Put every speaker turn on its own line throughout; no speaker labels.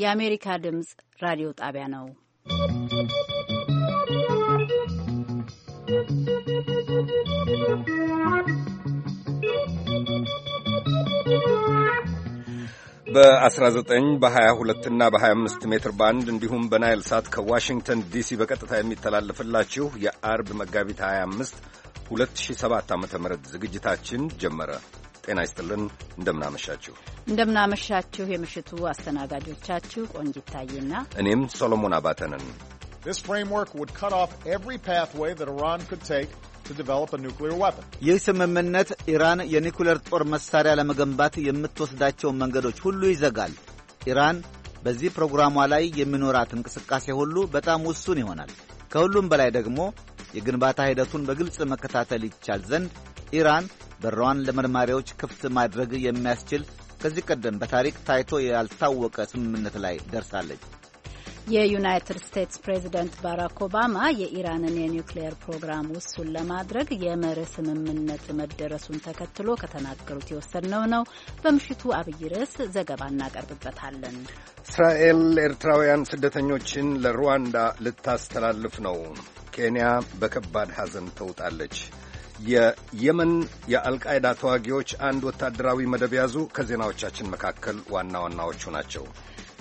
የአሜሪካ ድምፅ ራዲዮ ጣቢያ ነው።
በ19 በ22 እና በ25 ሜትር ባንድ እንዲሁም በናይል ሳት ከዋሽንግተን ዲሲ በቀጥታ የሚተላለፍላችሁ የአርብ መጋቢት 25 2007 ዓ ም ዝግጅታችን ጀመረ። ጤና ይስጥልን። እንደምናመሻችሁ
እንደምናመሻችሁ። የምሽቱ አስተናጋጆቻችሁ ቆንጂት ታዬና
እኔም ሶሎሞን አባተንን። This
framework would cut off every pathway that Iran could take to develop a nuclear weapon. ይህ ስምምነት ኢራን የኒኩሌር ጦር መሳሪያ ለመገንባት የምትወስዳቸውን መንገዶች ሁሉ ይዘጋል። ኢራን በዚህ ፕሮግራሟ ላይ የሚኖራት እንቅስቃሴ ሁሉ በጣም ውሱን ይሆናል። ከሁሉም በላይ ደግሞ የግንባታ ሂደቱን በግልጽ መከታተል ይቻል ዘንድ ኢራን በሯን ለመርማሪዎች ክፍት ማድረግ የሚያስችል ከዚህ ቀደም በታሪክ ታይቶ ያልታወቀ ስምምነት ላይ ደርሳለች።
የዩናይትድ ስቴትስ ፕሬዚደንት ባራክ ኦባማ የኢራንን የኒውክሌየር ፕሮግራም ውሱን ለማድረግ የመርህ ስምምነት መደረሱን ተከትሎ ከተናገሩት የወሰድነው ነው። በምሽቱ አብይ ርዕስ ዘገባ እናቀርብበታለን።
እስራኤል ኤርትራውያን ስደተኞችን ለሩዋንዳ ልታስተላልፍ ነው። ኬንያ በከባድ ሐዘን ተውጣለች። የየመን የአልቃይዳ ተዋጊዎች አንድ ወታደራዊ መደብ ያዙ። ከዜናዎቻችን መካከል ዋና ዋናዎቹ ናቸው።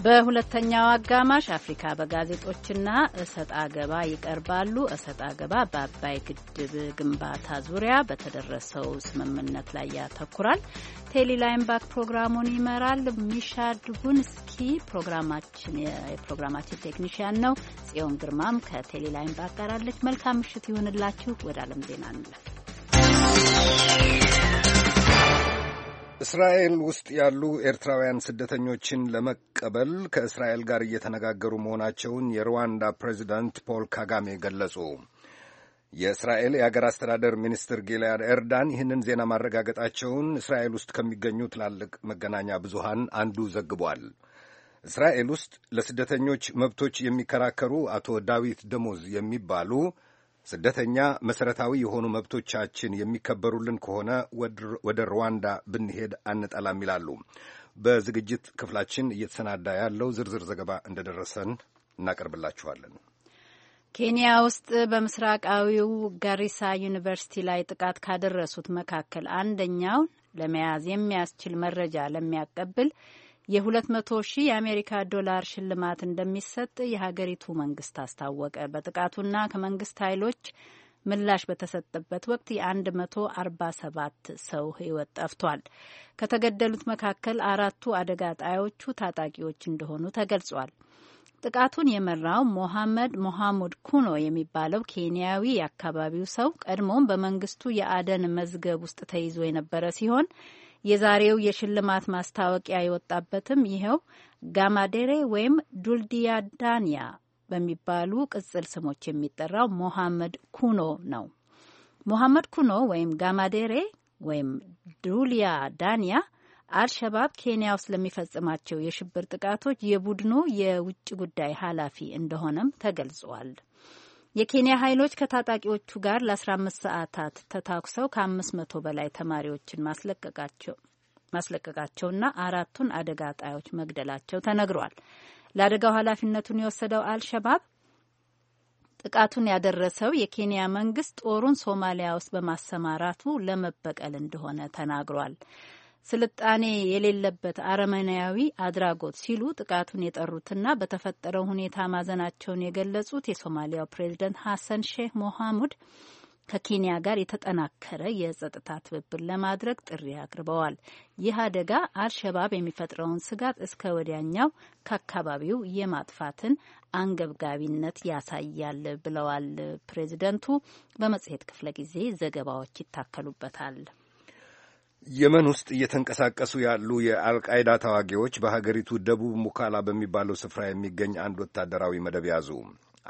በሁለተኛው አጋማሽ አፍሪካ በጋዜጦችና እሰጥ አገባ ይቀርባሉ። እሰጥ አገባ በአባይ ግድብ ግንባታ ዙሪያ በተደረሰው ስምምነት ላይ ያተኩራል። ቴሊ ባክ ፕሮግራሙን ይመራል። ሚሻ ድጉንስኪ ፕሮግራማችን የፕሮግራማችን ቴክኒሽያን ነው። ጽዮን ግርማም ከቴሊ ላይምባክ ጋር አለች። መልካም ምሽት ይሁንላችሁ። ወደ አለም ዜና እንለፍ።
እስራኤል ውስጥ ያሉ ኤርትራውያን ስደተኞችን ለመቀበል ከእስራኤል ጋር እየተነጋገሩ መሆናቸውን የሩዋንዳ ፕሬዚዳንት ፖል ካጋሜ ገለጹ። የእስራኤል የአገር አስተዳደር ሚኒስትር ጊልያድ ኤርዳን ይህንን ዜና ማረጋገጣቸውን እስራኤል ውስጥ ከሚገኙ ትላልቅ መገናኛ ብዙሃን አንዱ ዘግቧል። እስራኤል ውስጥ ለስደተኞች መብቶች የሚከራከሩ አቶ ዳዊት ደሞዝ የሚባሉ ስደተኛ መሠረታዊ የሆኑ መብቶቻችን የሚከበሩልን ከሆነ ወደ ሩዋንዳ ብንሄድ አንጠላም ይላሉ። በዝግጅት ክፍላችን እየተሰናዳ ያለው ዝርዝር ዘገባ እንደደረሰን እናቀርብላችኋለን።
ኬንያ ውስጥ በምስራቃዊው ጋሪሳ ዩኒቨርሲቲ ላይ ጥቃት ካደረሱት መካከል አንደኛውን ለመያዝ የሚያስችል መረጃ ለሚያቀብል የ200 ሺህ የአሜሪካ ዶላር ሽልማት እንደሚሰጥ የሀገሪቱ መንግስት አስታወቀ። በጥቃቱና ከመንግስት ኃይሎች ምላሽ በተሰጠበት ወቅት የ147 ሰው ህይወት ጠፍቷል። ከተገደሉት መካከል አራቱ አደጋ ጣዮቹ ታጣቂዎች እንደሆኑ ተገልጿል። ጥቃቱን የመራው ሞሐመድ ሞሐሙድ ኩኖ የሚባለው ኬንያዊ የአካባቢው ሰው ቀድሞም በመንግስቱ የአደን መዝገብ ውስጥ ተይዞ የነበረ ሲሆን የዛሬው የሽልማት ማስታወቂያ የወጣበትም ይኸው ጋማዴሬ ወይም ዱልዲያ ዳንያ በሚባሉ ቅጽል ስሞች የሚጠራው ሞሐመድ ኩኖ ነው። ሞሐመድ ኩኖ ወይም ጋማዴሬ ወይም ዱልያ ዳንያ አልሸባብ ኬንያ ውስጥ ለሚፈጽማቸው የሽብር ጥቃቶች የቡድኑ የውጭ ጉዳይ ኃላፊ እንደሆነም ተገልጿል። የኬንያ ኃይሎች ከታጣቂዎቹ ጋር ለ15 ሰዓታት ተታኩሰው ከ500 በላይ ተማሪዎችን ማስለቀቃቸውና አራቱን አደጋ ጣዮች መግደላቸው ተነግሯል። ለአደጋው ኃላፊነቱን የወሰደው አልሸባብ ጥቃቱን ያደረሰው የኬንያ መንግስት ጦሩን ሶማሊያ ውስጥ በማሰማራቱ ለመበቀል እንደሆነ ተናግሯል። ስልጣኔ የሌለበት አረመናያዊ አድራጎት ሲሉ ጥቃቱን የጠሩትና በተፈጠረው ሁኔታ ማዘናቸውን የገለጹት የሶማሊያው ፕሬዚደንት ሀሰን ሼህ ሞሐሙድ ከኬንያ ጋር የተጠናከረ የጸጥታ ትብብር ለማድረግ ጥሪ አቅርበዋል። ይህ አደጋ አልሸባብ የሚፈጥረውን ስጋት እስከ ወዲያኛው ከአካባቢው የማጥፋትን አንገብጋቢነት ያሳያል ብለዋል ፕሬዚደንቱ። በመጽሔት ክፍለ ጊዜ ዘገባዎች ይታከሉበታል።
የመን ውስጥ እየተንቀሳቀሱ ያሉ የአልቃይዳ ተዋጊዎች በሀገሪቱ ደቡብ ሙካላ በሚባለው ስፍራ የሚገኝ አንድ ወታደራዊ መደብ ያዙ።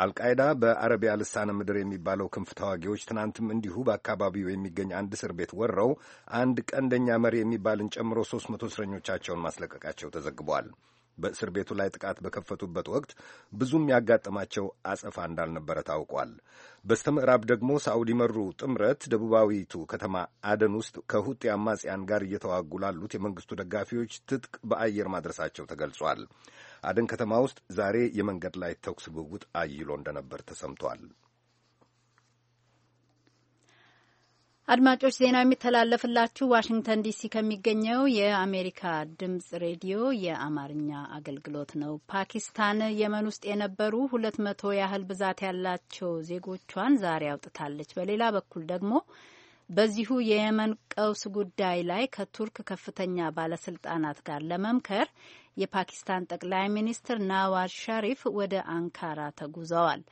አልቃይዳ በአረቢያ ልሳነ ምድር የሚባለው ክንፍ ተዋጊዎች ትናንትም እንዲሁ በአካባቢው የሚገኝ አንድ እስር ቤት ወረው አንድ ቀንደኛ መሪ የሚባልን ጨምሮ ሶስት መቶ እስረኞቻቸውን ማስለቀቃቸው ተዘግቧል። በእስር ቤቱ ላይ ጥቃት በከፈቱበት ወቅት ብዙም ያጋጠማቸው አጸፋ እንዳልነበረ ታውቋል። በስተ ምዕራብ ደግሞ ሳዑዲ መሩ ጥምረት ደቡባዊቱ ከተማ አደን ውስጥ ከሁጤ አማጽያን ጋር እየተዋጉ ላሉት የመንግስቱ ደጋፊዎች ትጥቅ በአየር ማድረሳቸው ተገልጿል። አደን ከተማ ውስጥ ዛሬ የመንገድ ላይ ተኩስ ልውውጥ አይሎ እንደነበር ተሰምቷል።
አድማጮች ዜና የሚተላለፍላችሁ ዋሽንግተን ዲሲ ከሚገኘው የአሜሪካ ድምጽ ሬዲዮ የአማርኛ አገልግሎት ነው። ፓኪስታን የመን ውስጥ የነበሩ ሁለት መቶ ያህል ብዛት ያላቸው ዜጎቿን ዛሬ አውጥታለች። በሌላ በኩል ደግሞ በዚሁ የየመን ቀውስ ጉዳይ ላይ ከቱርክ ከፍተኛ ባለስልጣናት ጋር ለመምከር የፓኪስታን ጠቅላይ ሚኒስትር ናዋዝ ሸሪፍ ወደ አንካራ ተጉዘዋል።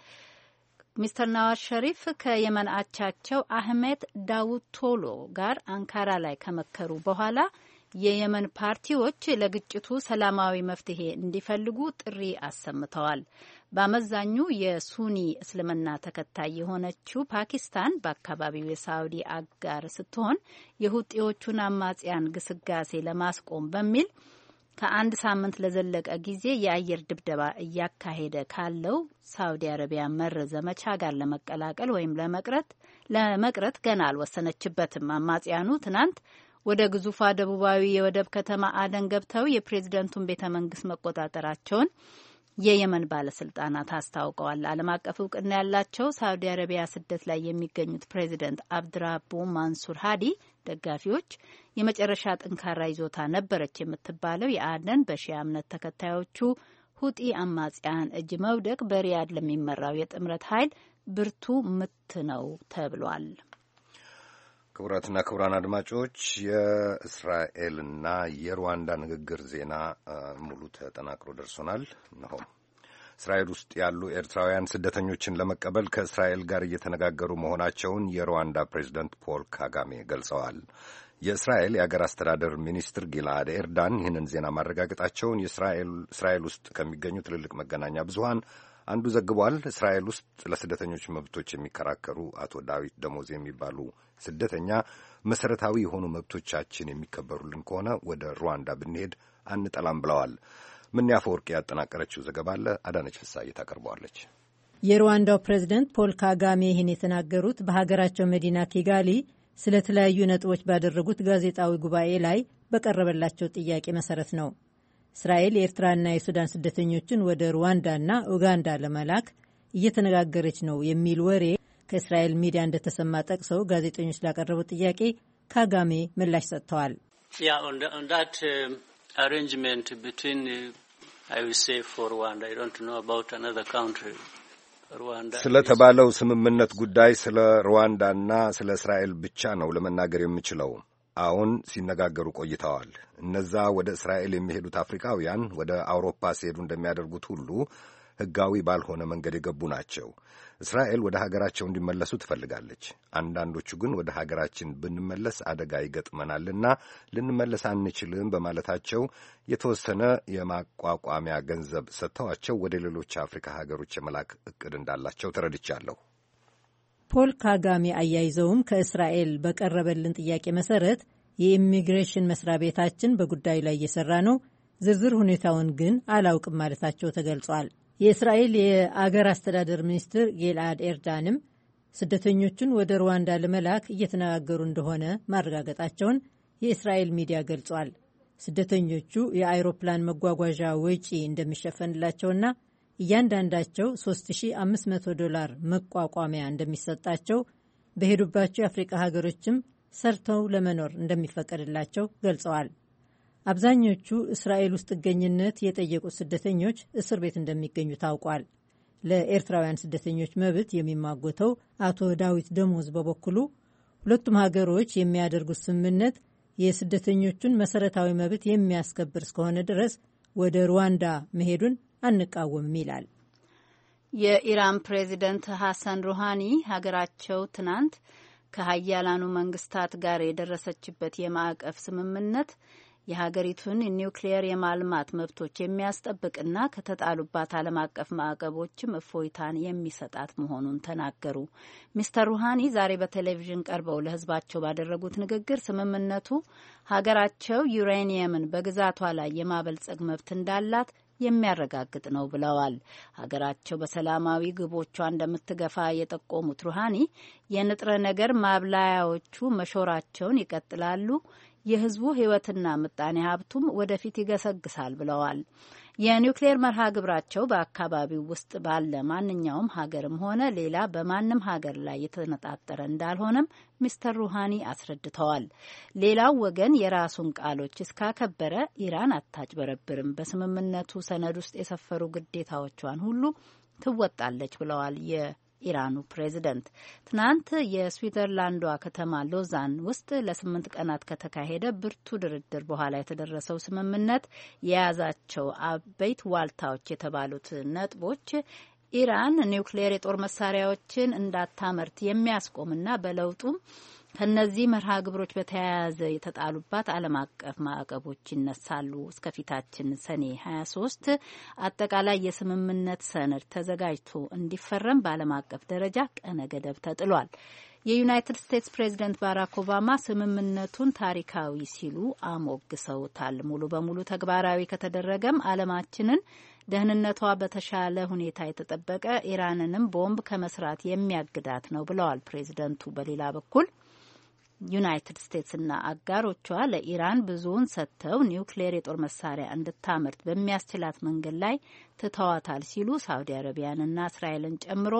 ሚስተር ናዋዝ ሸሪፍ ከየመን አቻቸው አህመድ ዳውድ ቶሎ ጋር አንካራ ላይ ከመከሩ በኋላ የየመን ፓርቲዎች ለግጭቱ ሰላማዊ መፍትሄ እንዲፈልጉ ጥሪ አሰምተዋል። በአመዛኙ የሱኒ እስልምና ተከታይ የሆነችው ፓኪስታን በአካባቢው የሳውዲ አጋር ስትሆን የሁጤዎቹን አማጽያን ግስጋሴ ለማስቆም በሚል ከአንድ ሳምንት ለዘለቀ ጊዜ የአየር ድብደባ እያካሄደ ካለው ሳውዲ አረቢያ መር ዘመቻ ጋር ለመቀላቀል ወይም ለመቅረት ለመቅረት ገና አልወሰነችበትም። አማጽያኑ ትናንት ወደ ግዙፏ ደቡባዊ የወደብ ከተማ አደን ገብተው የፕሬዝደንቱን ቤተ መንግስት መቆጣጠራቸውን የየመን ባለስልጣናት አስታውቀዋል። ዓለም አቀፍ እውቅና ያላቸው ሳውዲ አረቢያ ስደት ላይ የሚገኙት ፕሬዚደንት አብድራቡ ማንሱር ሀዲ ደጋፊዎች የመጨረሻ ጠንካራ ይዞታ ነበረች የምትባለው የአደን በሺያ እምነት ተከታዮቹ ሁጢ አማጽያን እጅ መውደቅ በሪያድ ለሚመራው የጥምረት ኃይል ብርቱ ምት ነው ተብሏል።
ክቡራትና ክቡራን አድማጮች የእስራኤልና የሩዋንዳ ንግግር ዜና ሙሉ ተጠናክሮ ደርሶናል ነው። እስራኤል ውስጥ ያሉ ኤርትራውያን ስደተኞችን ለመቀበል ከእስራኤል ጋር እየተነጋገሩ መሆናቸውን የሩዋንዳ ፕሬዚደንት ፖል ካጋሜ ገልጸዋል። የእስራኤል የአገር አስተዳደር ሚኒስትር ጊልአድ ኤርዳን ይህንን ዜና ማረጋገጣቸውን እስራኤል ውስጥ ከሚገኙ ትልልቅ መገናኛ ብዙሃን አንዱ ዘግቧል። እስራኤል ውስጥ ለስደተኞች መብቶች የሚከራከሩ አቶ ዳዊት ደሞዝ የሚባሉ ስደተኛ መሰረታዊ የሆኑ መብቶቻችን የሚከበሩልን ከሆነ ወደ ሩዋንዳ ብንሄድ አንጠላም ብለዋል። ምንያፈ ወርቅ ያጠናቀረችው ዘገባ አለ አዳነች ፍሳይ ታቀርበዋለች።
የሩዋንዳው ፕሬዚደንት ፖል ካጋሜ ይህን የተናገሩት በሀገራቸው መዲና ኪጋሊ ስለ ተለያዩ ነጥቦች ባደረጉት ጋዜጣዊ ጉባኤ ላይ በቀረበላቸው ጥያቄ መሰረት ነው። እስራኤል የኤርትራና የሱዳን ስደተኞችን ወደ ሩዋንዳና ኡጋንዳ ለመላክ እየተነጋገረች ነው የሚል ወሬ ከእስራኤል ሚዲያ እንደተሰማ ጠቅሰው ጋዜጠኞች ላቀረቡት ጥያቄ ካጋሜ ምላሽ ሰጥተዋል።
uh, ስለተባለው
ስምምነት ጉዳይ ስለ ሩዋንዳና ስለ እስራኤል ብቻ ነው ለመናገር የምችለው። አሁን ሲነጋገሩ ቆይተዋል። እነዛ ወደ እስራኤል የሚሄዱት አፍሪካውያን ወደ አውሮፓ ሲሄዱ እንደሚያደርጉት ሁሉ ሕጋዊ ባልሆነ መንገድ የገቡ ናቸው። እስራኤል ወደ ሀገራቸው እንዲመለሱ ትፈልጋለች። አንዳንዶቹ ግን ወደ ሀገራችን ብንመለስ አደጋ ይገጥመናልና ልንመለስ አንችልም በማለታቸው የተወሰነ የማቋቋሚያ ገንዘብ ሰጥተዋቸው ወደ ሌሎች አፍሪካ ሀገሮች የመላክ እቅድ እንዳላቸው ተረድቻለሁ።
ፖል ካጋሜ አያይዘውም ከእስራኤል በቀረበልን ጥያቄ መሰረት የኢሚግሬሽን መስሪያ ቤታችን በጉዳዩ ላይ እየሰራ ነው፣ ዝርዝር ሁኔታውን ግን አላውቅም ማለታቸው ተገልጿል። የእስራኤል የአገር አስተዳደር ሚኒስትር ጌልአድ ኤርዳንም ስደተኞቹን ወደ ሩዋንዳ ለመላክ እየተነጋገሩ እንደሆነ ማረጋገጣቸውን የእስራኤል ሚዲያ ገልጿል። ስደተኞቹ የአይሮፕላን መጓጓዣ ወጪ እንደሚሸፈንላቸውና እያንዳንዳቸው 3500 ዶላር መቋቋሚያ እንደሚሰጣቸው በሄዱባቸው የአፍሪቃ ሀገሮችም ሰርተው ለመኖር እንደሚፈቀድላቸው ገልጸዋል። አብዛኞቹ እስራኤል ውስጥ ጥገኝነት የጠየቁት ስደተኞች እስር ቤት እንደሚገኙ ታውቋል። ለኤርትራውያን ስደተኞች መብት የሚማጎተው አቶ ዳዊት ደሞዝ በበኩሉ ሁለቱም ሀገሮች የሚያደርጉት ስምምነት የስደተኞቹን መሰረታዊ መብት የሚያስከብር እስከሆነ ድረስ ወደ ሩዋንዳ መሄዱን አንቃወምም ይላል።
የኢራን ፕሬዚደንት ሀሰን ሩሃኒ ሀገራቸው ትናንት ከሀያላኑ መንግስታት ጋር የደረሰችበት የማዕቀፍ ስምምነት የሀገሪቱን ኒውክሌየር የማልማት መብቶች የሚያስጠብቅና ከተጣሉባት ዓለም አቀፍ ማዕቀቦችም እፎይታን የሚሰጣት መሆኑን ተናገሩ። ሚስተር ሩሃኒ ዛሬ በቴሌቪዥን ቀርበው ለሕዝባቸው ባደረጉት ንግግር ስምምነቱ ሀገራቸው ዩሬኒየምን በግዛቷ ላይ የማበልጸግ መብት እንዳላት የሚያረጋግጥ ነው ብለዋል። ሀገራቸው በሰላማዊ ግቦቿ እንደምትገፋ የጠቆሙት ሩሃኒ የንጥረ ነገር ማብላያዎቹ መሾራቸውን ይቀጥላሉ የህዝቡ ህይወትና ምጣኔ ሀብቱም ወደፊት ይገሰግሳል ብለዋል። የኒውክሌር መርሃ ግብራቸው በአካባቢው ውስጥ ባለ ማንኛውም ሀገርም ሆነ ሌላ በማንም ሀገር ላይ የተነጣጠረ እንዳልሆነም ሚስተር ሩሃኒ አስረድተዋል። ሌላው ወገን የራሱን ቃሎች እስካከበረ ኢራን አታጭበረብርም፣ በስምምነቱ ሰነድ ውስጥ የሰፈሩ ግዴታዎቿን ሁሉ ትወጣለች ብለዋል። ኢራኑ ፕሬዚደንት ትናንት የስዊዘርላንዷ ከተማ ሎዛን ውስጥ ለስምንት ቀናት ከተካሄደ ብርቱ ድርድር በኋላ የተደረሰው ስምምነት የያዛቸው አበይት ዋልታዎች የተባሉት ነጥቦች ኢራን ኒውክሌር የጦር መሳሪያዎችን እንዳታመርት የሚያስቆምና በለውጡም ከእነዚህ መርሃ ግብሮች በተያያዘ የተጣሉባት ዓለም አቀፍ ማዕቀቦች ይነሳሉ። እስከፊታችን ሰኔ 23 አጠቃላይ የስምምነት ሰነድ ተዘጋጅቶ እንዲፈረም በዓለም አቀፍ ደረጃ ቀነ ገደብ ተጥሏል። የዩናይትድ ስቴትስ ፕሬዚደንት ባራክ ኦባማ ስምምነቱን ታሪካዊ ሲሉ አሞግሰውታል። ሙሉ በሙሉ ተግባራዊ ከተደረገም ዓለማችንን ደህንነቷ በተሻለ ሁኔታ የተጠበቀ ኢራንንም ቦምብ ከመስራት የሚያግዳት ነው ብለዋል ፕሬዚደንቱ በሌላ በኩል ዩናይትድ ስቴትስና አጋሮቿ ለኢራን ብዙውን ሰጥተው ኒውክሌር የጦር መሳሪያ እንድታመርት በሚያስችላት መንገድ ላይ ትተዋታል ሲሉ ሳውዲ አረቢያንና እስራኤልን ጨምሮ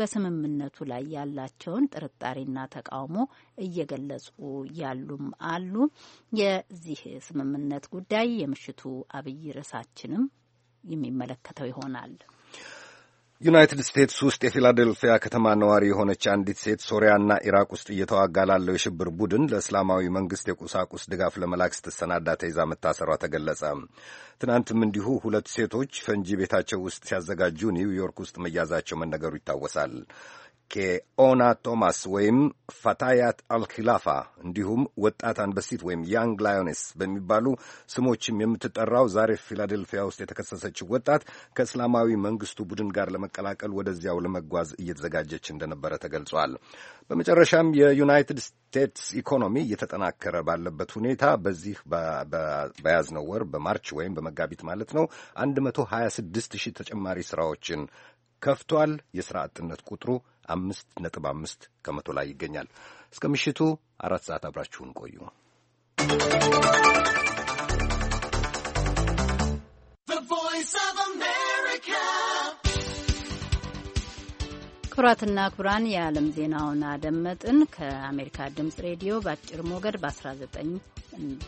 በስምምነቱ ላይ ያላቸውን ጥርጣሬና ተቃውሞ እየገለጹ ያሉም አሉ። የዚህ ስምምነት ጉዳይ የምሽቱ አብይ ርዕሳችንም የሚመለከተው ይሆናል።
ዩናይትድ ስቴትስ ውስጥ የፊላዴልፊያ ከተማ ነዋሪ የሆነች አንዲት ሴት ሶሪያና ኢራቅ ውስጥ እየተዋጋ ላለው የሽብር ቡድን ለእስላማዊ መንግሥት የቁሳቁስ ድጋፍ ለመላክ ስትሰናዳ ተይዛ መታሰሯ ተገለጸ። ትናንትም እንዲሁ ሁለት ሴቶች ፈንጂ ቤታቸው ውስጥ ሲያዘጋጁ ኒውዮርክ ውስጥ መያዛቸው መነገሩ ይታወሳል። ኬኦና ቶማስ ወይም ፋታያት አልኪላፋ እንዲሁም ወጣት አንበሲት ወይም ያንግ ላዮኔስ በሚባሉ ስሞችም የምትጠራው ዛሬ ፊላዴልፊያ ውስጥ የተከሰሰችው ወጣት ከእስላማዊ መንግስቱ ቡድን ጋር ለመቀላቀል ወደዚያው ለመጓዝ እየተዘጋጀች እንደነበረ ተገልጿል። በመጨረሻም የዩናይትድ ስቴትስ ኢኮኖሚ እየተጠናከረ ባለበት ሁኔታ በዚህ በያዝነው ወር በማርች ወይም በመጋቢት ማለት ነው 126 ሺህ ተጨማሪ ስራዎችን ከፍቷል። የስራ አጥነት ቁጥሩ አምስት ነጥብ አምስት ከመቶ ላይ ይገኛል። እስከ ምሽቱ አራት ሰዓት አብራችሁን ቆዩ።
ክቡራትና ክቡራን የዓለም ዜናውን አደመጥን። ከአሜሪካ ድምፅ ሬዲዮ በአጭር ሞገድ በ19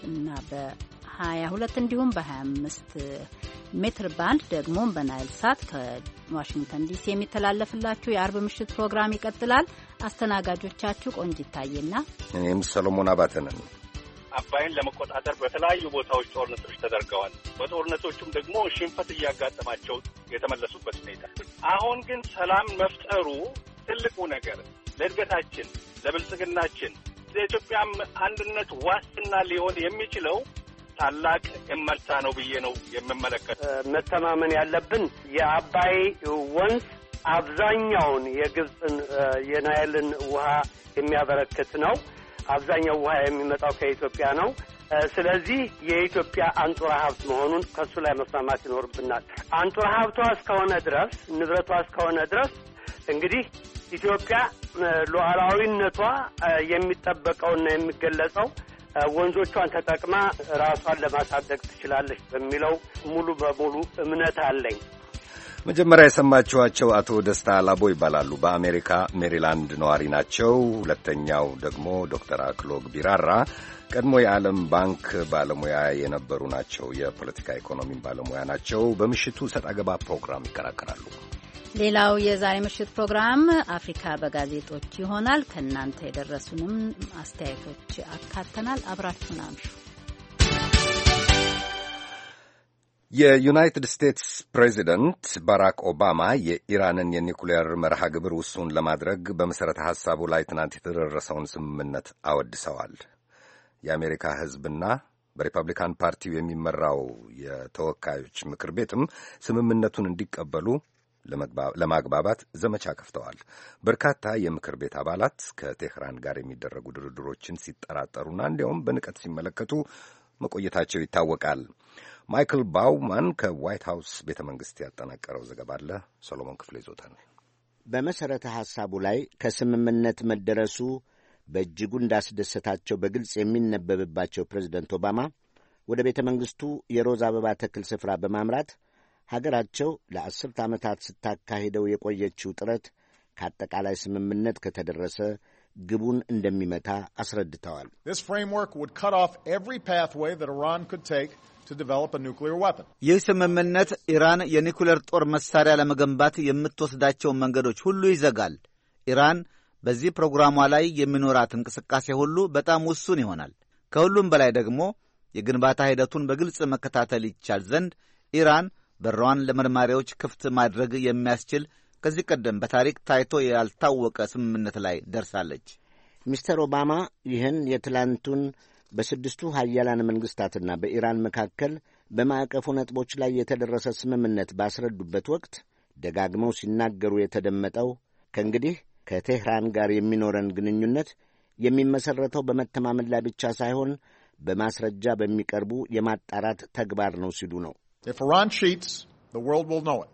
እና በ 22 እንዲሁም በ25 ሜትር ባንድ ደግሞም በናይል ሳት ከዋሽንግተን ዲሲ የሚተላለፍላችሁ የአርብ ምሽት ፕሮግራም ይቀጥላል። አስተናጋጆቻችሁ ቆንጅ ይታየና
እኔም ሰሎሞን አባተ
አባይን ለመቆጣጠር በተለያዩ ቦታዎች ጦርነቶች ተደርገዋል። በጦርነቶቹም ደግሞ ሽንፈት እያጋጠማቸው የተመለሱበት ሁኔታ አሁን ግን ሰላም መፍጠሩ ትልቁ ነገር ለእድገታችን፣ ለብልጽግናችን፣ ለኢትዮጵያም አንድነት ዋስትና ሊሆን የሚችለው ታላቅ እመርታ ነው ብዬ ነው የምመለከት።
መተማመን ያለብን የአባይ ወንዝ አብዛኛውን የግብፅን የናይልን ውሃ የሚያበረክት ነው። አብዛኛው ውሃ የሚመጣው ከኢትዮጵያ ነው። ስለዚህ የኢትዮጵያ አንጡራ ሀብት መሆኑን ከሱ ላይ መስማማት ይኖርብናል። አንጡራ ሀብቷ እስከሆነ ድረስ ንብረቷ እስከሆነ ድረስ እንግዲህ ኢትዮጵያ ሉዓላዊነቷ የሚጠበቀውና የሚገለጸው ወንዞቿን ተጠቅማ ራሷን ለማሳደግ ትችላለች በሚለው ሙሉ በሙሉ እምነት አለኝ።
መጀመሪያ የሰማችኋቸው አቶ ደስታ ላቦ ይባላሉ። በአሜሪካ ሜሪላንድ ነዋሪ ናቸው። ሁለተኛው ደግሞ ዶክተር አክሎግ ቢራራ ቀድሞ የዓለም ባንክ ባለሙያ የነበሩ ናቸው። የፖለቲካ ኢኮኖሚን ባለሙያ ናቸው። በምሽቱ ሰጥ አገባ ፕሮግራም ይከራከራሉ።
ሌላው የዛሬ ምሽት ፕሮግራም አፍሪካ በጋዜጦች ይሆናል። ከእናንተ የደረሱንም አስተያየቶች አካተናል። አብራችሁን አምሹ።
የዩናይትድ ስቴትስ ፕሬዚደንት ባራክ ኦባማ የኢራንን የኒኩሊየር መርሃ ግብር ውሱን ለማድረግ በመሠረተ ሐሳቡ ላይ ትናንት የተደረሰውን ስምምነት አወድሰዋል። የአሜሪካ ሕዝብና በሪፐብሊካን ፓርቲው የሚመራው የተወካዮች ምክር ቤትም ስምምነቱን እንዲቀበሉ ለማግባባት ዘመቻ ከፍተዋል። በርካታ የምክር ቤት አባላት ከቴህራን ጋር የሚደረጉ ድርድሮችን ሲጠራጠሩና እንዲያውም በንቀት ሲመለከቱ መቆየታቸው ይታወቃል። ማይክል ባውማን ከዋይት ሀውስ ቤተ መንግሥት ያጠናቀረው ዘገባ አለ። ሰሎሞን ክፍሌ ይዞታል። በመሠረተ
ሐሳቡ ላይ ከስምምነት መደረሱ በእጅጉ እንዳስደሰታቸው በግልጽ የሚነበብባቸው ፕሬዝደንት ኦባማ ወደ ቤተ መንግሥቱ የሮዝ አበባ ተክል ስፍራ በማምራት ሀገራቸው ለአስርት ዓመታት ስታካሂደው የቆየችው ጥረት ከአጠቃላይ ስምምነት ከተደረሰ ግቡን እንደሚመታ አስረድተዋል።
ይህ ስምምነት ኢራን የኒኩሌር ጦር መሣሪያ ለመገንባት የምትወስዳቸውን መንገዶች ሁሉ ይዘጋል። ኢራን በዚህ ፕሮግራሟ ላይ የሚኖራት እንቅስቃሴ ሁሉ በጣም ውሱን ይሆናል። ከሁሉም በላይ ደግሞ የግንባታ ሂደቱን በግልጽ መከታተል ይቻል ዘንድ ኢራን በሯን ለመርማሪዎች ክፍት ማድረግ የሚያስችል ከዚህ ቀደም በታሪክ ታይቶ ያልታወቀ ስምምነት ላይ ደርሳለች። ሚስተር ኦባማ ይህን የትላንቱን
በስድስቱ ሀያላን መንግሥታትና በኢራን መካከል በማዕቀፉ ነጥቦች ላይ የተደረሰ ስምምነት ባስረዱበት ወቅት ደጋግመው ሲናገሩ የተደመጠው ከእንግዲህ ከቴህራን ጋር የሚኖረን ግንኙነት የሚመሠረተው በመተማመን ላይ ብቻ ሳይሆን በማስረጃ በሚቀርቡ የማጣራት ተግባር ነው ሲሉ ነው።
If Iran cheats, the world will know it.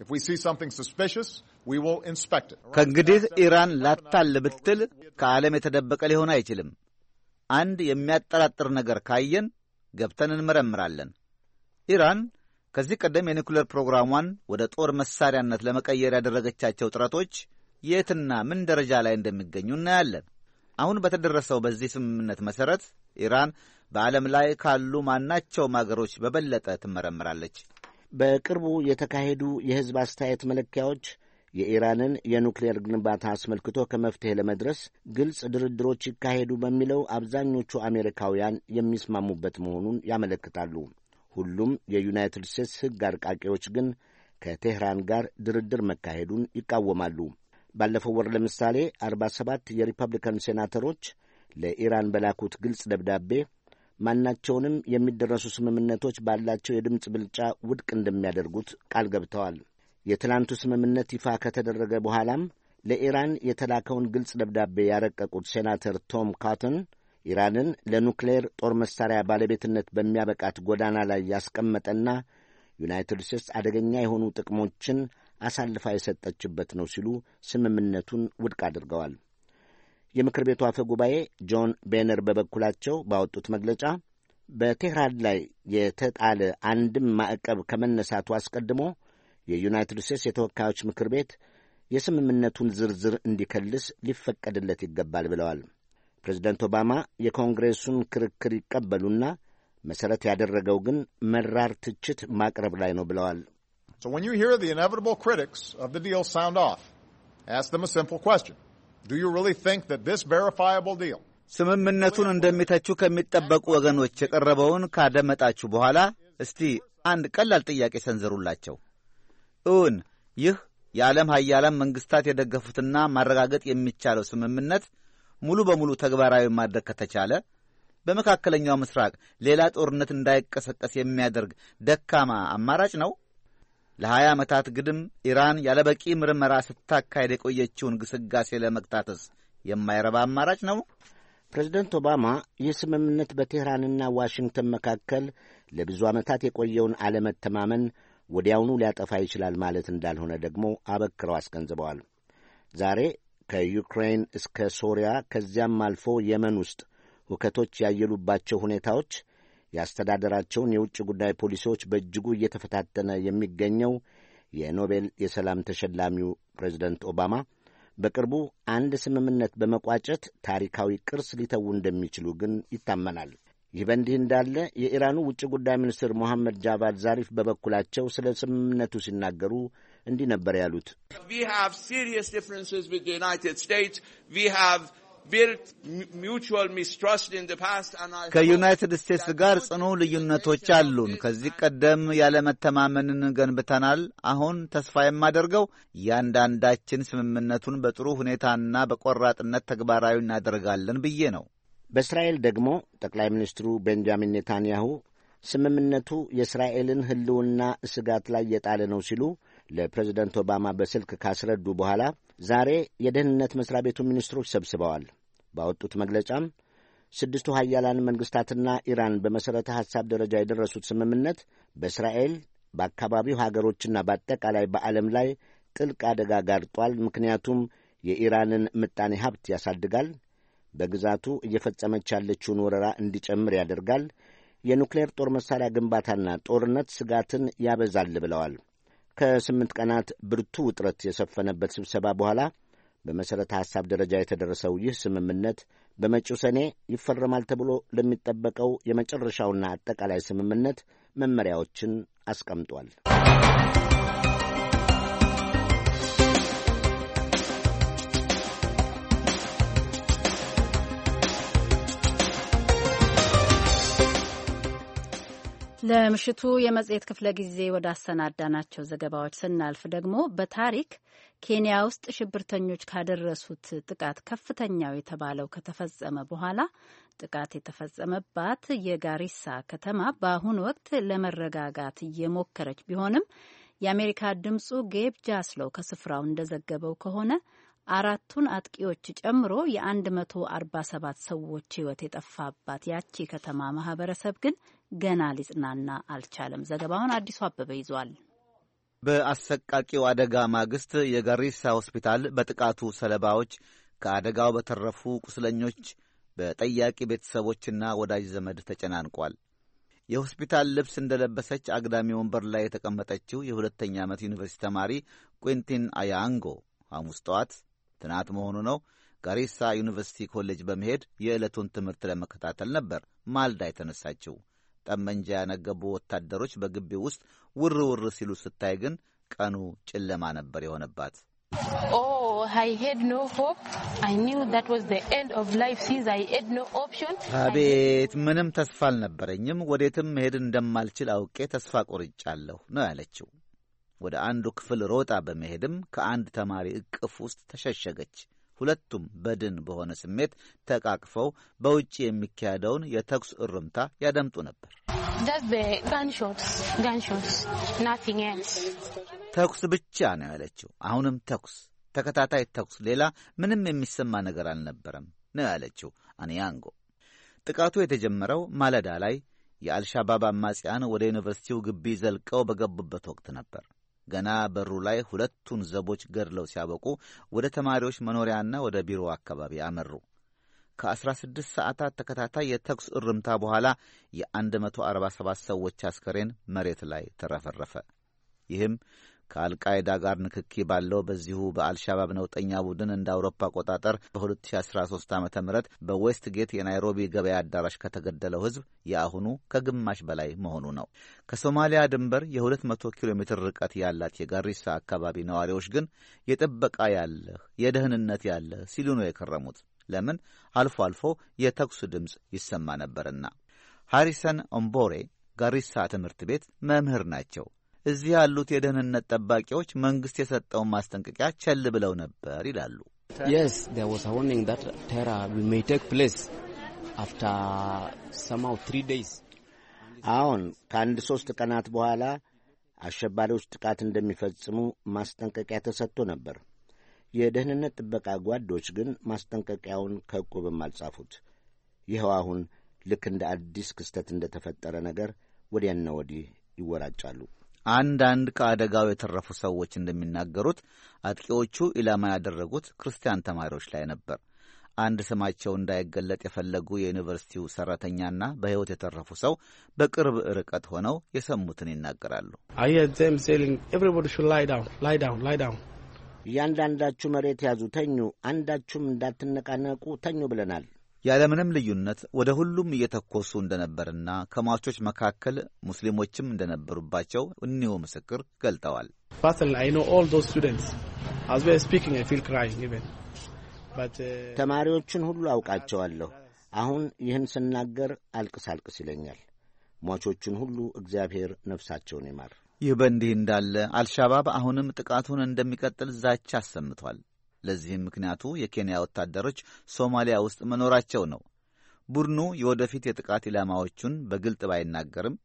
If we see something suspicious, we will inspect it. ከእንግዲህ ኢራን ላታል ብትል ከዓለም የተደበቀ ሊሆን አይችልም። አንድ የሚያጠራጥር ነገር ካየን ገብተን እንመረምራለን። ኢራን ከዚህ ቀደም የኒኩሌር ፕሮግራሟን ወደ ጦር መሳሪያነት ለመቀየር ያደረገቻቸው ጥረቶች የትና ምን ደረጃ ላይ እንደሚገኙ እናያለን። አሁን በተደረሰው በዚህ ስምምነት መሠረት ኢራን በዓለም ላይ ካሉ ማናቸውም አገሮች በበለጠ ትመረምራለች።
በቅርቡ የተካሄዱ የሕዝብ አስተያየት መለኪያዎች የኢራንን የኑክሌር ግንባታ አስመልክቶ ከመፍትሔ ለመድረስ ግልጽ ድርድሮች ይካሄዱ በሚለው አብዛኞቹ አሜሪካውያን የሚስማሙበት መሆኑን ያመለክታሉ። ሁሉም የዩናይትድ ስቴትስ ሕግ አርቃቂዎች ግን ከቴህራን ጋር ድርድር መካሄዱን ይቃወማሉ። ባለፈው ወር ለምሳሌ 47 የሪፐብሊካን ሴናተሮች ለኢራን በላኩት ግልጽ ደብዳቤ ማናቸውንም የሚደረሱ ስምምነቶች ባላቸው የድምፅ ብልጫ ውድቅ እንደሚያደርጉት ቃል ገብተዋል። የትላንቱ ስምምነት ይፋ ከተደረገ በኋላም ለኢራን የተላከውን ግልጽ ደብዳቤ ያረቀቁት ሴናተር ቶም ካትን ኢራንን ለኑክሌር ጦር መሳሪያ ባለቤትነት በሚያበቃት ጎዳና ላይ ያስቀመጠና ዩናይትድ ስቴትስ አደገኛ የሆኑ ጥቅሞችን አሳልፋ የሰጠችበት ነው ሲሉ ስምምነቱን ውድቅ አድርገዋል። የምክር ቤቱ አፈ ጉባኤ ጆን ቤነር በበኩላቸው ባወጡት መግለጫ በቴህራን ላይ የተጣለ አንድም ማዕቀብ ከመነሳቱ አስቀድሞ የዩናይትድ ስቴትስ የተወካዮች ምክር ቤት የስምምነቱን ዝርዝር እንዲከልስ ሊፈቀድለት ይገባል ብለዋል። ፕሬዚደንት ኦባማ የኮንግሬሱን ክርክር ይቀበሉና መሠረት ያደረገው ግን መራር ትችት ማቅረብ ላይ ነው ብለዋል።
So when you hear the inevitable critics of the deal sound off, ask them a simple question. ስምምነቱን እንደሚተቹ ከሚጠበቁ ወገኖች የቀረበውን ካደመጣችሁ በኋላ እስቲ አንድ ቀላል ጥያቄ ሰንዘሩላቸው። እውን ይህ የዓለም ሀያላን መንግሥታት የደገፉትና ማረጋገጥ የሚቻለው ስምምነት ሙሉ በሙሉ ተግባራዊ ማድረግ ከተቻለ በመካከለኛው ምስራቅ ሌላ ጦርነት እንዳይቀሰቀስ የሚያደርግ ደካማ አማራጭ ነው? ለ20 ዓመታት ግድም ኢራን ያለበቂ ምርመራ ስታካሄድ የቆየችውን ግስጋሴ ለመግታትስ የማይረባ አማራጭ ነው። ፕሬዝደንት ኦባማ
ይህ ስምምነት በቴህራንና ዋሽንግተን መካከል ለብዙ ዓመታት የቆየውን አለመተማመን ወዲያውኑ ሊያጠፋ ይችላል ማለት እንዳልሆነ ደግሞ አበክረው አስገንዝበዋል። ዛሬ ከዩክሬን እስከ ሶሪያ ከዚያም አልፎ የመን ውስጥ ሁከቶች ያየሉባቸው ሁኔታዎች የአስተዳደራቸውን የውጭ ጉዳይ ፖሊሲዎች በእጅጉ እየተፈታተነ የሚገኘው የኖቤል የሰላም ተሸላሚው ፕሬዚደንት ኦባማ በቅርቡ አንድ ስምምነት በመቋጨት ታሪካዊ ቅርስ ሊተዉ እንደሚችሉ ግን ይታመናል። ይህ በእንዲህ እንዳለ የኢራኑ ውጭ ጉዳይ ሚኒስትር ሞሐመድ ጃቫድ ዛሪፍ በበኩላቸው ስለ ስምምነቱ ሲናገሩ እንዲህ ነበር ያሉት።
ከዩናይትድ ስቴትስ ጋር ጽኑ ልዩነቶች አሉን። ከዚህ ቀደም ያለመተማመንን ገንብተናል። አሁን ተስፋ የማደርገው እያንዳንዳችን ስምምነቱን በጥሩ ሁኔታና በቆራጥነት ተግባራዊ እናደርጋለን ብዬ ነው። በእስራኤል
ደግሞ ጠቅላይ ሚኒስትሩ ቤንጃሚን ኔታንያሁ ስምምነቱ የእስራኤልን ሕልውና ስጋት ላይ የጣለ ነው ሲሉ ለፕሬዝደንት ኦባማ በስልክ ካስረዱ በኋላ ዛሬ የደህንነት መስሪያ ቤቱ ሚኒስትሮች ሰብስበዋል። ባወጡት መግለጫም ስድስቱ ሀያላን መንግስታትና ኢራን በመሠረተ ሐሳብ ደረጃ የደረሱት ስምምነት በእስራኤል በአካባቢው ሀገሮችና በአጠቃላይ በዓለም ላይ ጥልቅ አደጋ ጋርጧል። ምክንያቱም የኢራንን ምጣኔ ሀብት ያሳድጋል፣ በግዛቱ እየፈጸመች ያለችውን ወረራ እንዲጨምር ያደርጋል፣ የኑክሌር ጦር መሣሪያ ግንባታና ጦርነት ስጋትን ያበዛል ብለዋል። ከስምንት ቀናት ብርቱ ውጥረት የሰፈነበት ስብሰባ በኋላ በመሠረተ ሐሳብ ደረጃ የተደረሰው ይህ ስምምነት በመጪው ሰኔ ይፈረማል ተብሎ ለሚጠበቀው የመጨረሻውና አጠቃላይ ስምምነት መመሪያዎችን አስቀምጧል።
ለምሽቱ የመጽሔት ክፍለ ጊዜ ወዳሰናዳናቸው ዘገባዎች ስናልፍ ደግሞ በታሪክ ኬንያ ውስጥ ሽብርተኞች ካደረሱት ጥቃት ከፍተኛው የተባለው ከተፈጸመ በኋላ ጥቃት የተፈጸመባት የጋሪሳ ከተማ በአሁኑ ወቅት ለመረጋጋት እየሞከረች ቢሆንም የአሜሪካ ድምፁ ጌብ ጃስሎ ከስፍራው እንደዘገበው ከሆነ አራቱን አጥቂዎች ጨምሮ የ147 ሰዎች ሕይወት የጠፋባት ያቺ ከተማ ማህበረሰብ ግን ገና ሊጽናና አልቻለም። ዘገባውን አዲሱ አበበ ይዟል።
በአሰቃቂው አደጋ ማግስት የጋሪሳ ሆስፒታል በጥቃቱ ሰለባዎች፣ ከአደጋው በተረፉ ቁስለኞች፣ በጠያቂ ቤተሰቦችና ወዳጅ ዘመድ ተጨናንቋል። የሆስፒታል ልብስ እንደለበሰች አግዳሚ ወንበር ላይ የተቀመጠችው የሁለተኛ ዓመት ዩኒቨርሲቲ ተማሪ ቁንቲን አያንጎ ሐሙስ ጠዋት ትናት መሆኑ ነው ጋሪሳ ዩኒቨርሲቲ ኮሌጅ በመሄድ የዕለቱን ትምህርት ለመከታተል ነበር ማልዳ የተነሳችው። ጠመንጃ ያነገቡ ወታደሮች በግቢ ውስጥ ውር ውር ሲሉ ስታይ ግን ቀኑ ጨለማ ነበር የሆነባት። oh, አቤት ምንም ተስፋ አልነበረኝም። ወዴትም መሄድ እንደማልችል አውቄ ተስፋ ቆርጫለሁ ነው ያለችው። ወደ አንዱ ክፍል ሮጣ በመሄድም ከአንድ ተማሪ እቅፍ ውስጥ ተሸሸገች። ሁለቱም በድን በሆነ ስሜት ተቃቅፈው በውጭ የሚካሄደውን የተኩስ እርምታ ያደምጡ ነበር። ተኩስ ብቻ ነው ያለችው። አሁንም ተኩስ፣ ተከታታይ ተኩስ፣ ሌላ ምንም የሚሰማ ነገር አልነበረም ነው ያለችው አንያንጎ። ጥቃቱ የተጀመረው ማለዳ ላይ የአልሻባብ አማጽያን ወደ ዩኒቨርሲቲው ግቢ ዘልቀው በገቡበት ወቅት ነበር። ገና በሩ ላይ ሁለቱን ዘቦች ገድለው ሲያበቁ ወደ ተማሪዎች መኖሪያና ወደ ቢሮ አካባቢ አመሩ። ከ16 ሰዓታት ተከታታይ የተኩስ እርምታ በኋላ የ147 ሰዎች አስከሬን መሬት ላይ ተረፈረፈ። ይህም ከአልቃይዳ ጋር ንክኪ ባለው በዚሁ በአልሻባብ ነውጠኛ ቡድን እንደ አውሮፓ አቆጣጠር በ2013 ዓ ም በዌስት ጌት የናይሮቢ ገበያ አዳራሽ ከተገደለው ህዝብ የአሁኑ ከግማሽ በላይ መሆኑ ነው። ከሶማሊያ ድንበር የ200 ኪሎ ሜትር ርቀት ያላት የጋሪሳ አካባቢ ነዋሪዎች ግን የጥበቃ ያለህ የደህንነት ያለህ ሲሉ ነው የከረሙት። ለምን አልፎ አልፎ የተኩስ ድምፅ ይሰማ ነበርና። ሃሪሰን ኦምቦሬ ጋሪሳ ትምህርት ቤት መምህር ናቸው። እዚህ ያሉት የደህንነት ጠባቂዎች መንግስት የሰጠውን ማስጠንቀቂያ ቸል ብለው ነበር ይላሉ።
አሁን ከአንድ ሦስት ቀናት በኋላ አሸባሪዎች ጥቃት እንደሚፈጽሙ ማስጠንቀቂያ ተሰጥቶ ነበር። የደህንነት ጥበቃ ጓዶች ግን ማስጠንቀቂያውን ከቁብም አልጻፉት። ይኸው አሁን
ልክ እንደ አዲስ ክስተት እንደተፈጠረ ነገር ወዲያና ወዲህ ይወራጫሉ። አንዳንድ ከአደጋው የተረፉ ሰዎች እንደሚናገሩት አጥቂዎቹ ኢላማ ያደረጉት ክርስቲያን ተማሪዎች ላይ ነበር። አንድ ስማቸው እንዳይገለጥ የፈለጉ የዩኒቨርሲቲው ሰራተኛና በሕይወት የተረፉ ሰው በቅርብ ርቀት ሆነው የሰሙትን ይናገራሉ።
እያንዳንዳችሁ መሬት ያዙ፣ ተኙ፣ አንዳችሁም እንዳትነቃነቁ ተኙ ብለናል።
ያለምንም ልዩነት ወደ ሁሉም እየተኮሱ እንደነበርና ከሟቾች መካከል ሙስሊሞችም እንደነበሩባቸው እኒሁ ምስክር ገልጠዋል። uh,
ተማሪዎችን ሁሉ አውቃቸዋለሁ። አሁን ይህን
ስናገር አልቅስ አልቅስ ይለኛል። ሟቾቹን ሁሉ እግዚአብሔር ነፍሳቸውን ይማር። ይህ በእንዲህ እንዳለ አልሻባብ አሁንም ጥቃቱን እንደሚቀጥል ዛቻ አሰምቷል። ለዚህም ምክንያቱ የኬንያ ወታደሮች ሶማሊያ ውስጥ መኖራቸው ነው። ቡድኑ የወደፊት የጥቃት ኢላማዎቹን በግልጥ ባይናገርም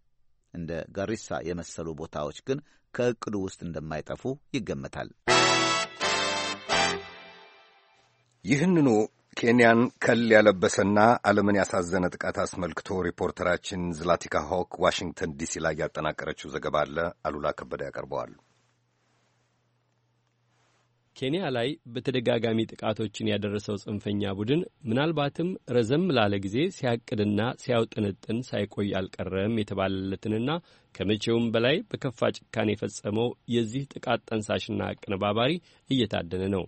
እንደ ጋሪሳ የመሰሉ ቦታዎች
ግን ከእቅዱ ውስጥ እንደማይጠፉ ይገመታል። ይህንኑ ኬንያን ከል ያለበሰና ዓለምን ያሳዘነ ጥቃት አስመልክቶ ሪፖርተራችን ዝላቲካ ሆክ ዋሽንግተን ዲሲ ላይ ያጠናቀረችው ዘገባ አለ። አሉላ ከበደ ያቀርበዋል።
ኬንያ ላይ በተደጋጋሚ ጥቃቶችን ያደረሰው ጽንፈኛ ቡድን ምናልባትም ረዘም ላለ ጊዜ ሲያቅድና ሲያውጥንጥን ሳይቆይ አልቀረም የተባለለትንና ከመቼውም በላይ በከፋ ጭካኔ የፈጸመው የዚህ ጥቃት ጠንሳሽና አቀነባባሪ እየታደነ ነው።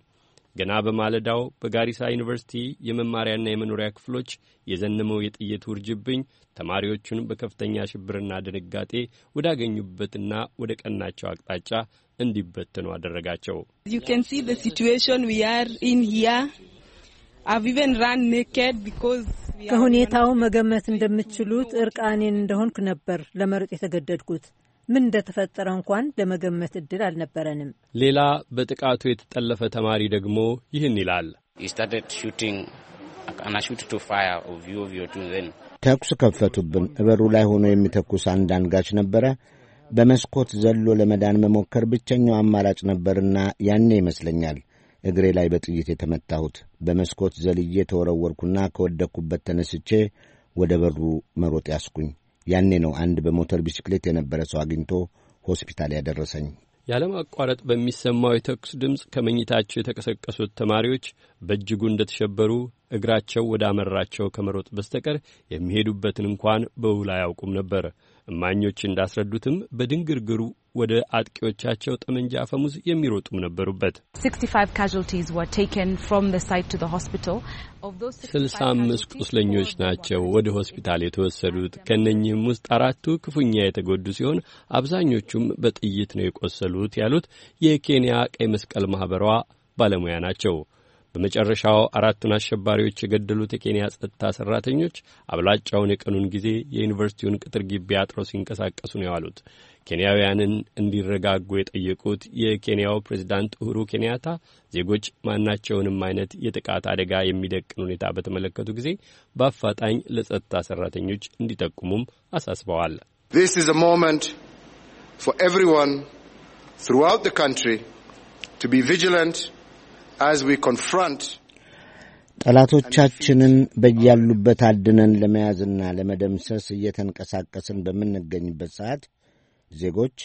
ገና በማለዳው በጋሪሳ ዩኒቨርሲቲ የመማሪያና የመኖሪያ ክፍሎች የዘነመው የጥይት ውርጅብኝ ተማሪዎቹን በከፍተኛ ሽብርና ድንጋጤ ወዳገኙበትና ወደ ቀናቸው አቅጣጫ እንዲበተኑ አደረጋቸው።
ከሁኔታው
መገመት እንደምትችሉት እርቃኔን እንደሆንኩ ነበር ለመሮጥ የተገደድኩት። ምን እንደተፈጠረ እንኳን ለመገመት እድል አልነበረንም።
ሌላ በጥቃቱ የተጠለፈ ተማሪ ደግሞ ይህን ይላል።
ተኩስ ከፈቱብን። እበሩ ላይ ሆኖ የሚተኩስ አንድ አንጋች ነበረ። በመስኮት ዘሎ ለመዳን መሞከር ብቸኛው አማራጭ ነበርና ያኔ ይመስለኛል እግሬ ላይ በጥይት የተመታሁት። በመስኮት ዘልዬ ተወረወርኩና ከወደቅኩበት ተነስቼ ወደ በሩ መሮጥ ያስኩኝ። ያኔ ነው አንድ በሞተር ቢስክሌት የነበረ ሰው አግኝቶ ሆስፒታል ያደረሰኝ።
ያለማቋረጥ በሚሰማው የተኩስ ድምፅ ከመኝታቸው የተቀሰቀሱት ተማሪዎች በእጅጉ እንደተሸበሩ እግራቸው ወዳመራቸው ከመሮጥ በስተቀር የሚሄዱበትን እንኳን በውል አያውቁም ነበር። እማኞች እንዳስረዱትም በድንግርግሩ ወደ አጥቂዎቻቸው ጠመንጃ አፈሙዝ የሚሮጡም ነበሩበት። ስልሳ አምስት ቁስለኞች ናቸው ወደ ሆስፒታል የተወሰዱት። ከእነኚህም ውስጥ አራቱ ክፉኛ የተጎዱ ሲሆን አብዛኞቹም በጥይት ነው የቆሰሉት ያሉት የኬንያ ቀይ መስቀል ማኅበሯ ባለሙያ ናቸው። በመጨረሻው አራቱን አሸባሪዎች የገደሉት የኬንያ ጸጥታ ሠራተኞች አብላጫውን የቀኑን ጊዜ የዩኒቨርሲቲውን ቅጥር ግቢ አጥረው ሲንቀሳቀሱ ነው ያሉት። ኬንያውያንን እንዲረጋጉ የጠየቁት የኬንያው ፕሬዚዳንት ኡሁሩ ኬንያታ ዜጎች ማናቸውንም አይነት የጥቃት አደጋ የሚደቅን ሁኔታ በተመለከቱ ጊዜ በአፋጣኝ ለጸጥታ ሠራተኞች እንዲጠቁሙም አሳስበዋል።
This is a moment for everyone throughout the country to be vigilant
ጠላቶቻችንን በያሉበት አድነን ለመያዝና ለመደምሰስ እየተንቀሳቀስን በምንገኝበት ሰዓት ዜጎች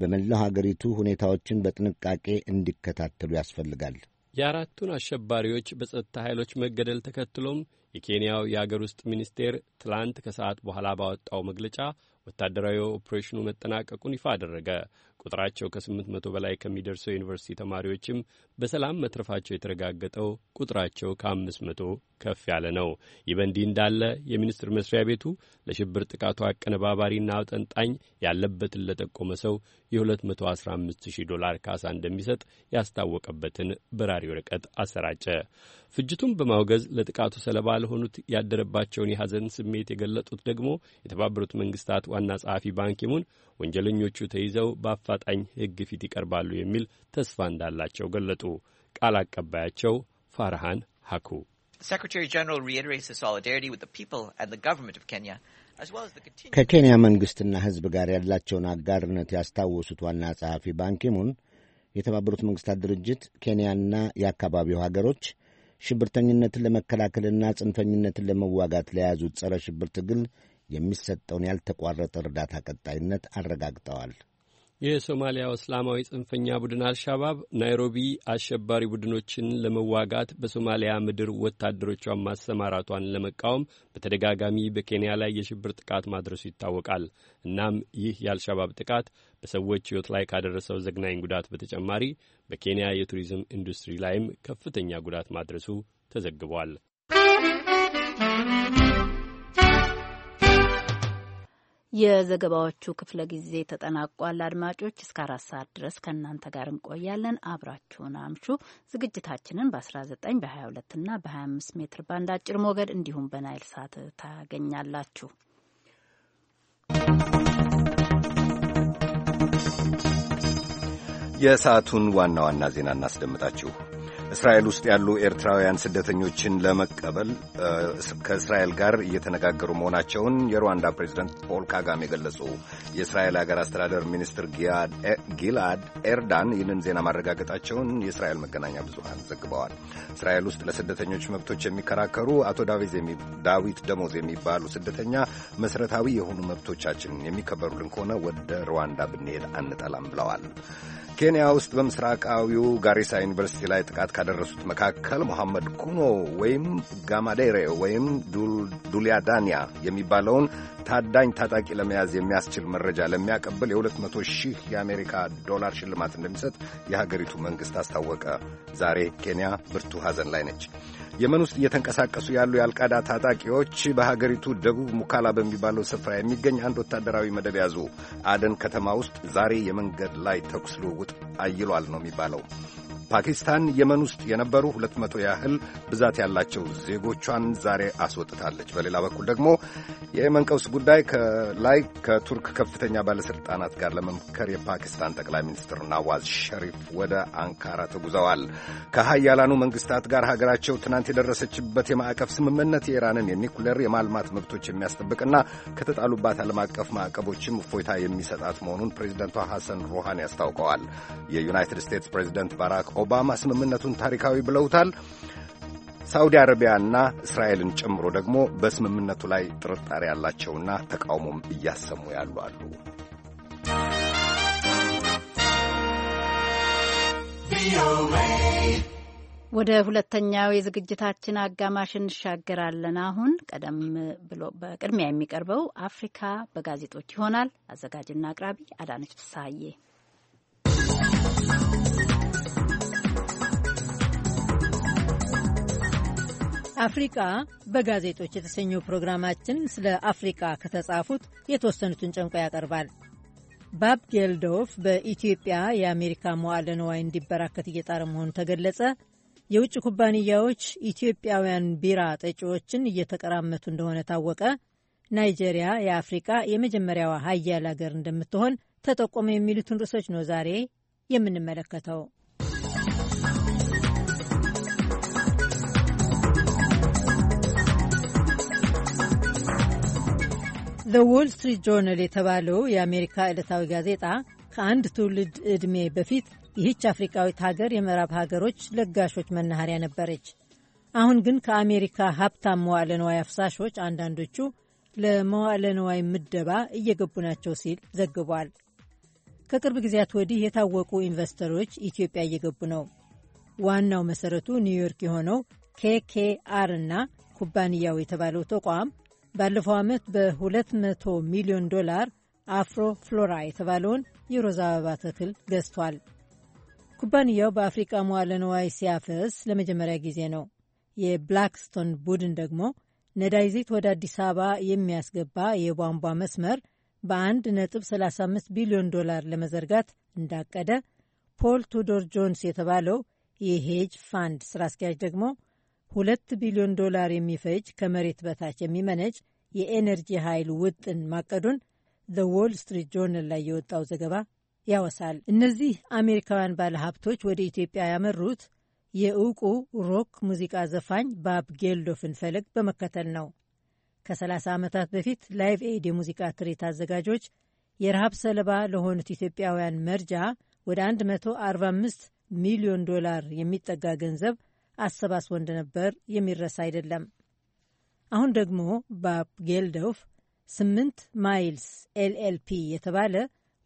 በመላው አገሪቱ ሁኔታዎችን በጥንቃቄ እንዲከታተሉ ያስፈልጋል።
የአራቱን አሸባሪዎች በጸጥታ ኃይሎች መገደል ተከትሎም የኬንያው የአገር ውስጥ ሚኒስቴር ትላንት ከሰዓት በኋላ ባወጣው መግለጫ ወታደራዊ ኦፕሬሽኑ መጠናቀቁን ይፋ አደረገ። ቁጥራቸው ከስምንት መቶ በላይ ከሚደርሰው ዩኒቨርሲቲ ተማሪዎችም በሰላም መትረፋቸው የተረጋገጠው ቁጥራቸው ከአምስት መቶ ከፍ ያለ ነው። ይህ በእንዲህ እንዳለ የሚኒስቴር መስሪያ ቤቱ ለሽብር ጥቃቱ አቀነባባሪና አውጠንጣኝ ያለበትን ለጠቆመ ሰው የ215 ሺህ ዶላር ካሳ እንደሚሰጥ ያስታወቀበትን በራሪ ወረቀት አሰራጨ። ፍጅቱን በማውገዝ ለጥቃቱ ሰለባ ለሆኑት ያደረባቸውን የሐዘን ስሜት የገለጡት ደግሞ የተባበሩት መንግስታት ዋና ጸሐፊ ባንኪሙን ወንጀለኞቹ ተይዘው በአፋጣኝ ሕግ ፊት ይቀርባሉ የሚል ተስፋ እንዳላቸው ገለጡ። ቃል አቀባያቸው ፋርሃን ሀኩ
ከኬንያ መንግሥትና ሕዝብ ጋር ያላቸውን አጋርነት ያስታወሱት ዋና ጸሐፊ ባንኪሙን የተባበሩት መንግሥታት ድርጅት ኬንያና የአካባቢው ሀገሮች ሽብርተኝነትን ለመከላከልና ጽንፈኝነትን ለመዋጋት ለያዙት ጸረ ሽብር ትግል የሚሰጠውን ያልተቋረጠ እርዳታ ቀጣይነት አረጋግጠዋል።
የሶማሊያው እስላማዊ ጽንፈኛ ቡድን አልሻባብ ናይሮቢ አሸባሪ ቡድኖችን ለመዋጋት በሶማሊያ ምድር ወታደሮቿን ማሰማራቷን ለመቃወም በተደጋጋሚ በኬንያ ላይ የሽብር ጥቃት ማድረሱ ይታወቃል። እናም ይህ የአልሻባብ ጥቃት በሰዎች ሕይወት ላይ ካደረሰው ዘግናኝ ጉዳት በተጨማሪ በኬንያ የቱሪዝም ኢንዱስትሪ ላይም ከፍተኛ ጉዳት ማድረሱ ተዘግቧል።
የዘገባዎቹ ክፍለ ጊዜ ተጠናቋል። አድማጮች እስከ አራት ሰዓት ድረስ ከእናንተ ጋር እንቆያለን። አብራችሁን አምሹ። ዝግጅታችንን በ19 በ22 እና በ25 ሜትር ባንድ አጭር ሞገድ እንዲሁም በናይል ሳት ታገኛላችሁ።
የሰዓቱን ዋና ዋና ዜና እናስደምጣችሁ። እስራኤል ውስጥ ያሉ ኤርትራውያን ስደተኞችን ለመቀበል ከእስራኤል ጋር እየተነጋገሩ መሆናቸውን የሩዋንዳ ፕሬዚደንት ፖል ካጋሜ የገለጹ። የእስራኤል ሀገር አስተዳደር ሚኒስትር ጊላድ ኤርዳን ይህንን ዜና ማረጋገጣቸውን የእስራኤል መገናኛ ብዙሃን ዘግበዋል። እስራኤል ውስጥ ለስደተኞች መብቶች የሚከራከሩ አቶ ዳዊት ደሞዝ የሚባሉ ስደተኛ መሠረታዊ የሆኑ መብቶቻችን የሚከበሩልን ከሆነ ወደ ሩዋንዳ ብንሄድ አንጠላም ብለዋል። ኬንያ ውስጥ በምስራቃዊው ጋሪሳ ዩኒቨርሲቲ ላይ ጥቃት ካደረሱት መካከል ሞሐመድ ኩኖ ወይም ጋማዴሬ ወይም ዱሊያ ዳንያ የሚባለውን ታዳኝ ታጣቂ ለመያዝ የሚያስችል መረጃ ለሚያቀብል የ200 ሺህ የአሜሪካ ዶላር ሽልማት እንደሚሰጥ የሀገሪቱ መንግሥት አስታወቀ። ዛሬ ኬንያ ብርቱ ሐዘን ላይ ነች። የመን ውስጥ እየተንቀሳቀሱ ያሉ የአልቃዳ ታጣቂዎች በሀገሪቱ ደቡብ ሙካላ በሚባለው ስፍራ የሚገኝ አንድ ወታደራዊ መደብ ያዙ። አደን ከተማ ውስጥ ዛሬ የመንገድ ላይ ተኩስ ልውውጥ አይሏል ነው የሚባለው። ፓኪስታን የመን ውስጥ የነበሩ ሁለት መቶ ያህል ብዛት ያላቸው ዜጎቿን ዛሬ አስወጥታለች። በሌላ በኩል ደግሞ የየመን ቀውስ ጉዳይ ላይ ከቱርክ ከፍተኛ ባለሥልጣናት ጋር ለመምከር የፓኪስታን ጠቅላይ ሚኒስትር ናዋዝ ሸሪፍ ወደ አንካራ ተጉዘዋል። ከሀያላኑ መንግስታት ጋር ሀገራቸው ትናንት የደረሰችበት የማዕቀፍ ስምምነት የኢራንን የኒኩሌር የማልማት መብቶች የሚያስጠብቅና ከተጣሉባት ዓለም አቀፍ ማዕቀቦችም እፎይታ የሚሰጣት መሆኑን ፕሬዚደንቷ ሐሰን ሮሃን አስታውቀዋል። የዩናይትድ ስቴትስ ፕሬዚደንት ባራክ ኦባማ ስምምነቱን ታሪካዊ ብለውታል። ሳዑዲ አረቢያና እስራኤልን ጨምሮ ደግሞ በስምምነቱ ላይ ጥርጣሬ ያላቸውና ተቃውሞም እያሰሙ ያሉ አሉ።
ወደ ሁለተኛው የዝግጅታችን አጋማሽ እንሻገራለን። አሁን ቀደም ብሎ በቅድሚያ የሚቀርበው አፍሪካ በጋዜጦች ይሆናል። አዘጋጅና አቅራቢ አዳነች ፍሳዬ።
አፍሪቃ በጋዜጦች የተሰኘው ፕሮግራማችን ስለ አፍሪቃ ከተጻፉት የተወሰኑትን ጨምቆ ያቀርባል። ባብ ጌልዶፍ በኢትዮጵያ የአሜሪካ መዋለ ንዋይ እንዲበራከት እየጣረ መሆኑ ተገለጸ፣ የውጭ ኩባንያዎች ኢትዮጵያውያን ቢራ ጠጪዎችን እየተቀራመቱ እንደሆነ ታወቀ፣ ናይጄሪያ የአፍሪቃ የመጀመሪያዋ ሀያል አገር እንደምትሆን ተጠቆመ፣ የሚሉትን ርዕሶች ነው ዛሬ የምንመለከተው። ዘ ዎል ስትሪት ጆርናል የተባለው የአሜሪካ ዕለታዊ ጋዜጣ ከአንድ ትውልድ ዕድሜ በፊት ይህች አፍሪካዊት ሀገር የምዕራብ ሀገሮች ለጋሾች መናኸሪያ ነበረች። አሁን ግን ከአሜሪካ ሀብታም መዋዕለ ንዋይ አፍሳሾች አንዳንዶቹ ለመዋዕለ ንዋይ ምደባ እየገቡ ናቸው ሲል ዘግቧል። ከቅርብ ጊዜያት ወዲህ የታወቁ ኢንቨስተሮች ኢትዮጵያ እየገቡ ነው። ዋናው መሰረቱ ኒውዮርክ የሆነው ኬኬአር እና ኩባንያው የተባለው ተቋም ባለፈው ዓመት በ200 ሚሊዮን ዶላር አፍሮ ፍሎራ የተባለውን የሮዝ አበባ ተክል ገዝቷል። ኩባንያው በአፍሪቃ መዋለ ነዋይ ሲያፈስ ለመጀመሪያ ጊዜ ነው። የብላክስቶን ቡድን ደግሞ ነዳጅ ዘይት ወደ አዲስ አበባ የሚያስገባ የቧንቧ መስመር በ ነጥብ 35 ቢሊዮን ዶላር ለመዘርጋት እንዳቀደ ፖል ቱዶር ጆንስ የተባለው የሄጅ ፋንድ ስራ አስኪያጅ ደግሞ ሁለት ቢሊዮን ዶላር የሚፈጅ ከመሬት በታች የሚመነጭ የኤነርጂ ኃይል ውጥን ማቀዱን ዘ ዎል ስትሪት ጆርናል ላይ የወጣው ዘገባ ያወሳል። እነዚህ አሜሪካውያን ባለሀብቶች ወደ ኢትዮጵያ ያመሩት የእውቁ ሮክ ሙዚቃ ዘፋኝ ባብ ጌልዶፍን ፈለግ በመከተል ነው። ከ30 ዓመታት በፊት ላይቭ ኤድ የሙዚቃ ትርኢት አዘጋጆች የረሃብ ሰለባ ለሆኑት ኢትዮጵያውያን መርጃ ወደ 145 ሚሊዮን ዶላር የሚጠጋ ገንዘብ አሰባስቦ እንደነበር የሚረሳ አይደለም። አሁን ደግሞ ባብ ጌልዶፍ ስምንት ማይልስ ኤልኤልፒ የተባለ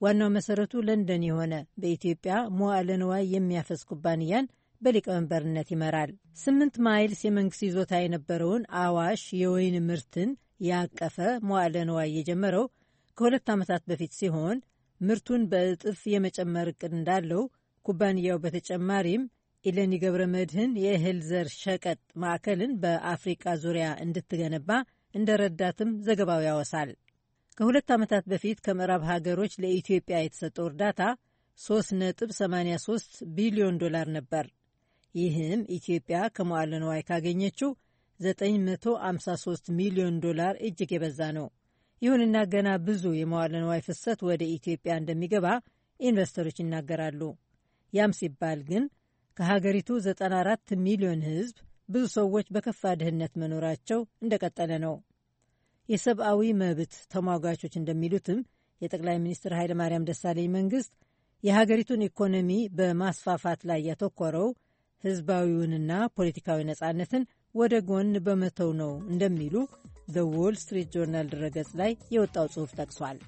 ዋናው መሰረቱ ለንደን የሆነ በኢትዮጵያ መዋዕለ ንዋይ የሚያፈስ ኩባንያን በሊቀመንበርነት ይመራል። ስምንት ማይልስ የመንግስት ይዞታ የነበረውን አዋሽ የወይን ምርትን ያቀፈ መዋዕለ ንዋይ የጀመረው ከሁለት ዓመታት በፊት ሲሆን ምርቱን በእጥፍ የመጨመር እቅድ እንዳለው ኩባንያው በተጨማሪም ኢለኒ ገብረ መድህን የእህል ዘር ሸቀጥ ማዕከልን በአፍሪቃ ዙሪያ እንድትገነባ እንደ ረዳትም ዘገባው ያወሳል። ከሁለት ዓመታት በፊት ከምዕራብ ሀገሮች ለኢትዮጵያ የተሰጠው እርዳታ 3.83 ቢሊዮን ዶላር ነበር። ይህም ኢትዮጵያ ከመዋለ ንዋይ ካገኘችው 953 ሚሊዮን ዶላር እጅግ የበዛ ነው። ይሁንና ገና ብዙ የመዋለ ንዋይ ፍሰት ወደ ኢትዮጵያ እንደሚገባ ኢንቨስተሮች ይናገራሉ። ያም ሲባል ግን ከሀገሪቱ 94 ሚሊዮን ህዝብ ብዙ ሰዎች በከፋ ድህነት መኖራቸው እንደቀጠለ ነው። የሰብአዊ መብት ተሟጋቾች እንደሚሉትም የጠቅላይ ሚኒስትር ኃይለ ማርያም ደሳለኝ መንግስት የሀገሪቱን ኢኮኖሚ በማስፋፋት ላይ ያተኮረው ህዝባዊውንና ፖለቲካዊ ነጻነትን ወደ ጎን በመተው ነው እንደሚሉ ዘ ዎል ስትሪት ጆርናል ድረገጽ ላይ የወጣው ጽሑፍ ጠቅሷል።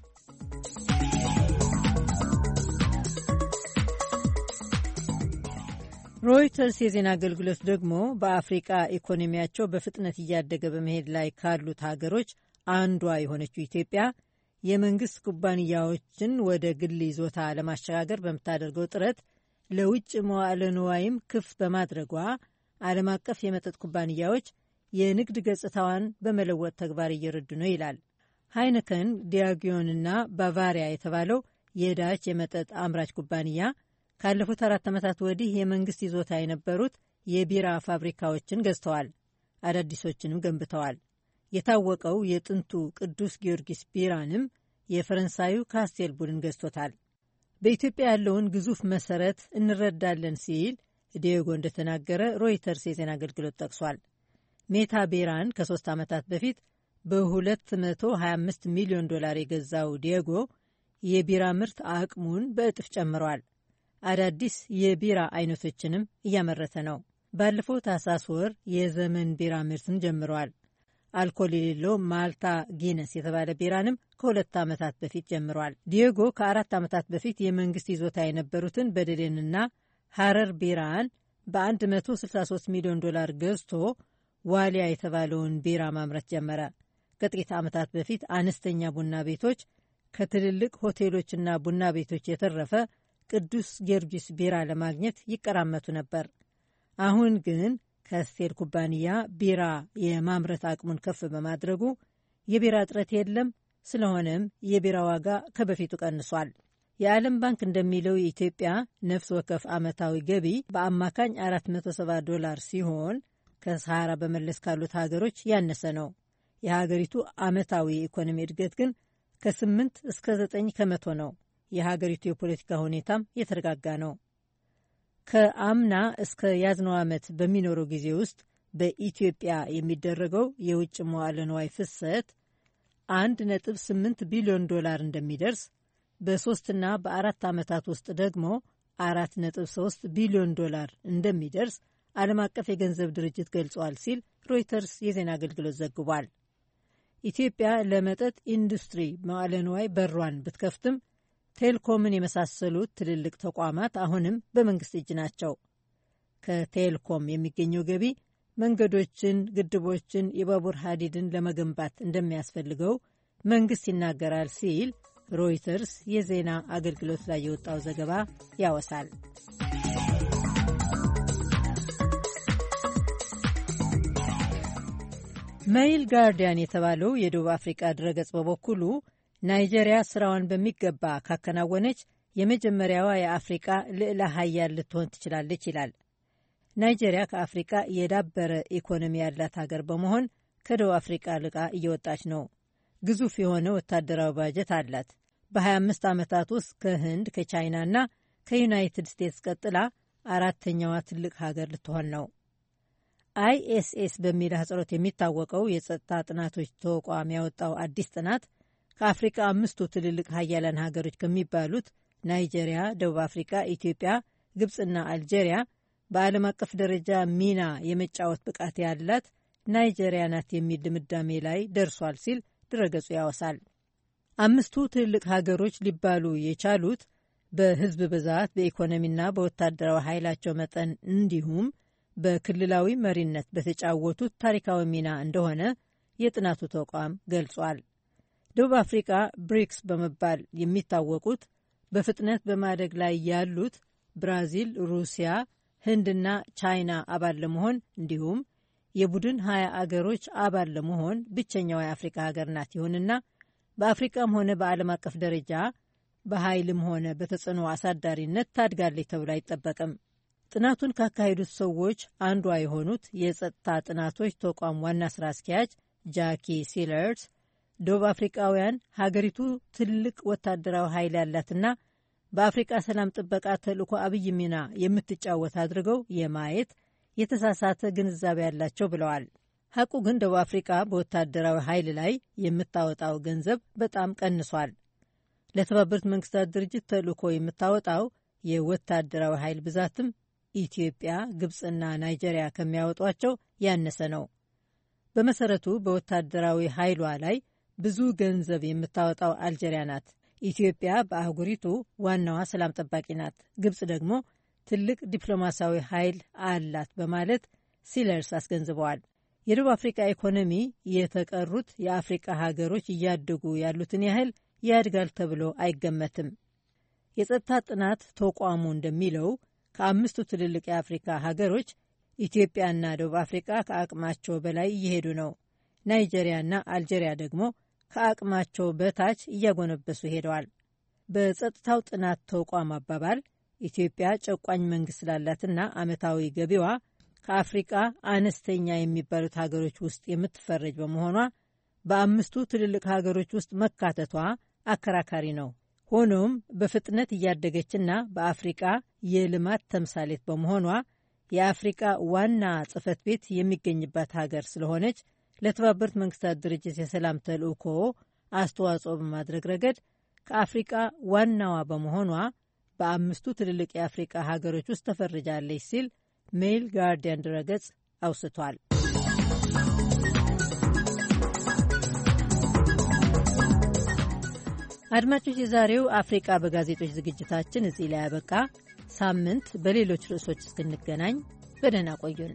ሮይተርስ የዜና አገልግሎት ደግሞ በአፍሪቃ ኢኮኖሚያቸው በፍጥነት እያደገ በመሄድ ላይ ካሉት ሀገሮች አንዷ የሆነችው ኢትዮጵያ የመንግስት ኩባንያዎችን ወደ ግል ይዞታ ለማሸጋገር በምታደርገው ጥረት ለውጭ መዋዕለ ንዋይም ክፍት በማድረጓ ዓለም አቀፍ የመጠጥ ኩባንያዎች የንግድ ገጽታዋን በመለወጥ ተግባር እየረዱ ነው ይላል። ሃይነከን ዲያግዮንና ባቫሪያ የተባለው የዳች የመጠጥ አምራች ኩባንያ ካለፉት አራት ዓመታት ወዲህ የመንግስት ይዞታ የነበሩት የቢራ ፋብሪካዎችን ገዝተዋል፣ አዳዲሶችንም ገንብተዋል። የታወቀው የጥንቱ ቅዱስ ጊዮርጊስ ቢራንም የፈረንሳዩ ካስቴል ቡድን ገዝቶታል። በኢትዮጵያ ያለውን ግዙፍ መሰረት እንረዳለን ሲል ዲዮጎ እንደተናገረ ሮይተርስ የዜና አገልግሎት ጠቅሷል። ሜታ ቢራን ከሶስት ዓመታት በፊት በ225 ሚሊዮን ዶላር የገዛው ዲዮጎ የቢራ ምርት አቅሙን በእጥፍ ጨምሯል። አዳዲስ የቢራ አይነቶችንም እያመረተ ነው። ባለፈው ታህሳስ ወር የዘመን ቢራ ምርትን ጀምረዋል። አልኮል የሌለው ማልታ ጊነስ የተባለ ቢራንም ከሁለት ዓመታት በፊት ጀምረዋል። ዲዮጎ ከአራት ዓመታት በፊት የመንግስት ይዞታ የነበሩትን በደሌንና ሐረር ቢራን በ163 ሚሊዮን ዶላር ገዝቶ ዋሊያ የተባለውን ቢራ ማምረት ጀመረ። ከጥቂት ዓመታት በፊት አነስተኛ ቡና ቤቶች ከትልልቅ ሆቴሎችና ቡና ቤቶች የተረፈ ቅዱስ ጊዮርጊስ ቢራ ለማግኘት ይቀራመቱ ነበር። አሁን ግን ከስቴል ኩባንያ ቢራ የማምረት አቅሙን ከፍ በማድረጉ የቢራ እጥረት የለም። ስለሆነም የቢራ ዋጋ ከበፊቱ ቀንሷል። የዓለም ባንክ እንደሚለው የኢትዮጵያ ነፍስ ወከፍ ዓመታዊ ገቢ በአማካኝ 470 ዶላር ሲሆን ከሰሃራ በመለስ ካሉት ሀገሮች ያነሰ ነው። የሀገሪቱ ዓመታዊ የኢኮኖሚ እድገት ግን ከ8 እስከ 9 ከመቶ ነው። የሀገሪቱ የፖለቲካ ሁኔታም የተረጋጋ ነው። ከአምና እስከ ያዝነው ዓመት በሚኖረው ጊዜ ውስጥ በኢትዮጵያ የሚደረገው የውጭ መዋዕለ ንዋይ ፍሰት 1.8 ቢሊዮን ዶላር እንደሚደርስ በሶስትና በአራት ዓመታት ውስጥ ደግሞ 4.3 ቢሊዮን ዶላር እንደሚደርስ ዓለም አቀፍ የገንዘብ ድርጅት ገልጿል ሲል ሮይተርስ የዜና አገልግሎት ዘግቧል። ኢትዮጵያ ለመጠጥ ኢንዱስትሪ መዋለንዋይ በሯን ብትከፍትም ቴልኮምን የመሳሰሉት ትልልቅ ተቋማት አሁንም በመንግስት እጅ ናቸው። ከቴልኮም የሚገኘው ገቢ መንገዶችን፣ ግድቦችን፣ የባቡር ሀዲድን ለመገንባት እንደሚያስፈልገው መንግስት ይናገራል ሲል ሮይተርስ የዜና አገልግሎት ላይ የወጣው ዘገባ ያወሳል። ሜይል ጋርዲያን የተባለው የደቡብ አፍሪቃ ድረገጽ በበኩሉ ናይጄሪያ ስራዋን በሚገባ ካከናወነች የመጀመሪያዋ የአፍሪቃ ልዕለ ሀያል ልትሆን ትችላለች ይላል። ናይጄሪያ ከአፍሪቃ የዳበረ ኢኮኖሚ ያላት ሀገር በመሆን ከደቡብ አፍሪቃ ልቃ እየወጣች ነው። ግዙፍ የሆነ ወታደራዊ ባጀት አላት። በ25 ዓመታት ውስጥ ከህንድ ከቻይናና ከዩናይትድ ስቴትስ ቀጥላ አራተኛዋ ትልቅ ሀገር ልትሆን ነው። አይኤስኤስ በሚል አህጽሮት የሚታወቀው የጸጥታ ጥናቶች ተቋም ያወጣው አዲስ ጥናት ከአፍሪካ አምስቱ ትልልቅ ሀያላን ሀገሮች ከሚባሉት ናይጄሪያ፣ ደቡብ አፍሪካ፣ ኢትዮጵያ፣ ግብፅና አልጄሪያ በዓለም አቀፍ ደረጃ ሚና የመጫወት ብቃት ያላት ናይጄሪያ ናት የሚል ድምዳሜ ላይ ደርሷል ሲል ድረገጹ ያወሳል። አምስቱ ትልልቅ ሀገሮች ሊባሉ የቻሉት በህዝብ ብዛት፣ በኢኮኖሚና በወታደራዊ ኃይላቸው መጠን እንዲሁም በክልላዊ መሪነት በተጫወቱት ታሪካዊ ሚና እንደሆነ የጥናቱ ተቋም ገልጿል። ደቡብ አፍሪካ ብሪክስ በመባል የሚታወቁት በፍጥነት በማደግ ላይ ያሉት ብራዚል፣ ሩሲያ፣ ህንድና ቻይና አባል ለመሆን እንዲሁም የቡድን ሀያ አገሮች አባል ለመሆን ብቸኛዋ የአፍሪካ ሀገር ናት። ይሁንና በአፍሪካም ሆነ በዓለም አቀፍ ደረጃ በኃይልም ሆነ በተጽዕኖ አሳዳሪነት ታድጋለች ተብሎ አይጠበቅም። ጥናቱን ካካሄዱት ሰዎች አንዷ የሆኑት የጸጥታ ጥናቶች ተቋም ዋና ስራ አስኪያጅ ጃኪ ሲለርስ ደቡብ አፍሪቃውያን ሀገሪቱ ትልቅ ወታደራዊ ኃይል ያላትና በአፍሪቃ ሰላም ጥበቃ ተልእኮ አብይ ሚና የምትጫወት አድርገው የማየት የተሳሳተ ግንዛቤ ያላቸው ብለዋል። ሐቁ ግን ደቡብ አፍሪቃ በወታደራዊ ኃይል ላይ የምታወጣው ገንዘብ በጣም ቀንሷል። ለተባበሩት መንግስታት ድርጅት ተልእኮ የምታወጣው የወታደራዊ ኃይል ብዛትም ኢትዮጵያ፣ ግብፅና ናይጄሪያ ከሚያወጧቸው ያነሰ ነው። በመሰረቱ በወታደራዊ ኃይሏ ላይ ብዙ ገንዘብ የምታወጣው አልጀሪያ ናት። ኢትዮጵያ በአህጉሪቱ ዋናዋ ሰላም ጠባቂ ናት። ግብጽ ደግሞ ትልቅ ዲፕሎማሲያዊ ኃይል አላት በማለት ሲለርስ አስገንዝበዋል። የደቡብ አፍሪካ ኢኮኖሚ የተቀሩት የአፍሪካ ሀገሮች እያደጉ ያሉትን ያህል ያድጋል ተብሎ አይገመትም። የጸጥታ ጥናት ተቋሙ እንደሚለው ከአምስቱ ትልልቅ የአፍሪካ ሀገሮች ኢትዮጵያና ደቡብ አፍሪካ ከአቅማቸው በላይ እየሄዱ ነው። ናይጄሪያና አልጄሪያ ደግሞ ከአቅማቸው በታች እያጎነበሱ ሄደዋል። በጸጥታው ጥናት ተቋም አባባል ኢትዮጵያ ጨቋኝ መንግስት ስላላትና ዓመታዊ ገቢዋ ከአፍሪቃ አነስተኛ የሚባሉት ሀገሮች ውስጥ የምትፈረጅ በመሆኗ በአምስቱ ትልልቅ ሀገሮች ውስጥ መካተቷ አከራካሪ ነው። ሆኖም በፍጥነት እያደገችና በአፍሪቃ የልማት ተምሳሌት በመሆኗ የአፍሪቃ ዋና ጽህፈት ቤት የሚገኝባት ሀገር ስለሆነች ለተባበሩት መንግስታት ድርጅት የሰላም ተልእኮ አስተዋጽኦ በማድረግ ረገድ ከአፍሪቃ ዋናዋ በመሆኗ በአምስቱ ትልልቅ የአፍሪቃ ሀገሮች ውስጥ ተፈርጃለች ሲል ሜል ጋርዲያን ድረገጽ አውስቷል። አድማጮች፣ የዛሬው አፍሪቃ በጋዜጦች ዝግጅታችን እዚህ ላይ ያበቃ። ሳምንት በሌሎች ርዕሶች እስክንገናኝ በደህና ቆዩን።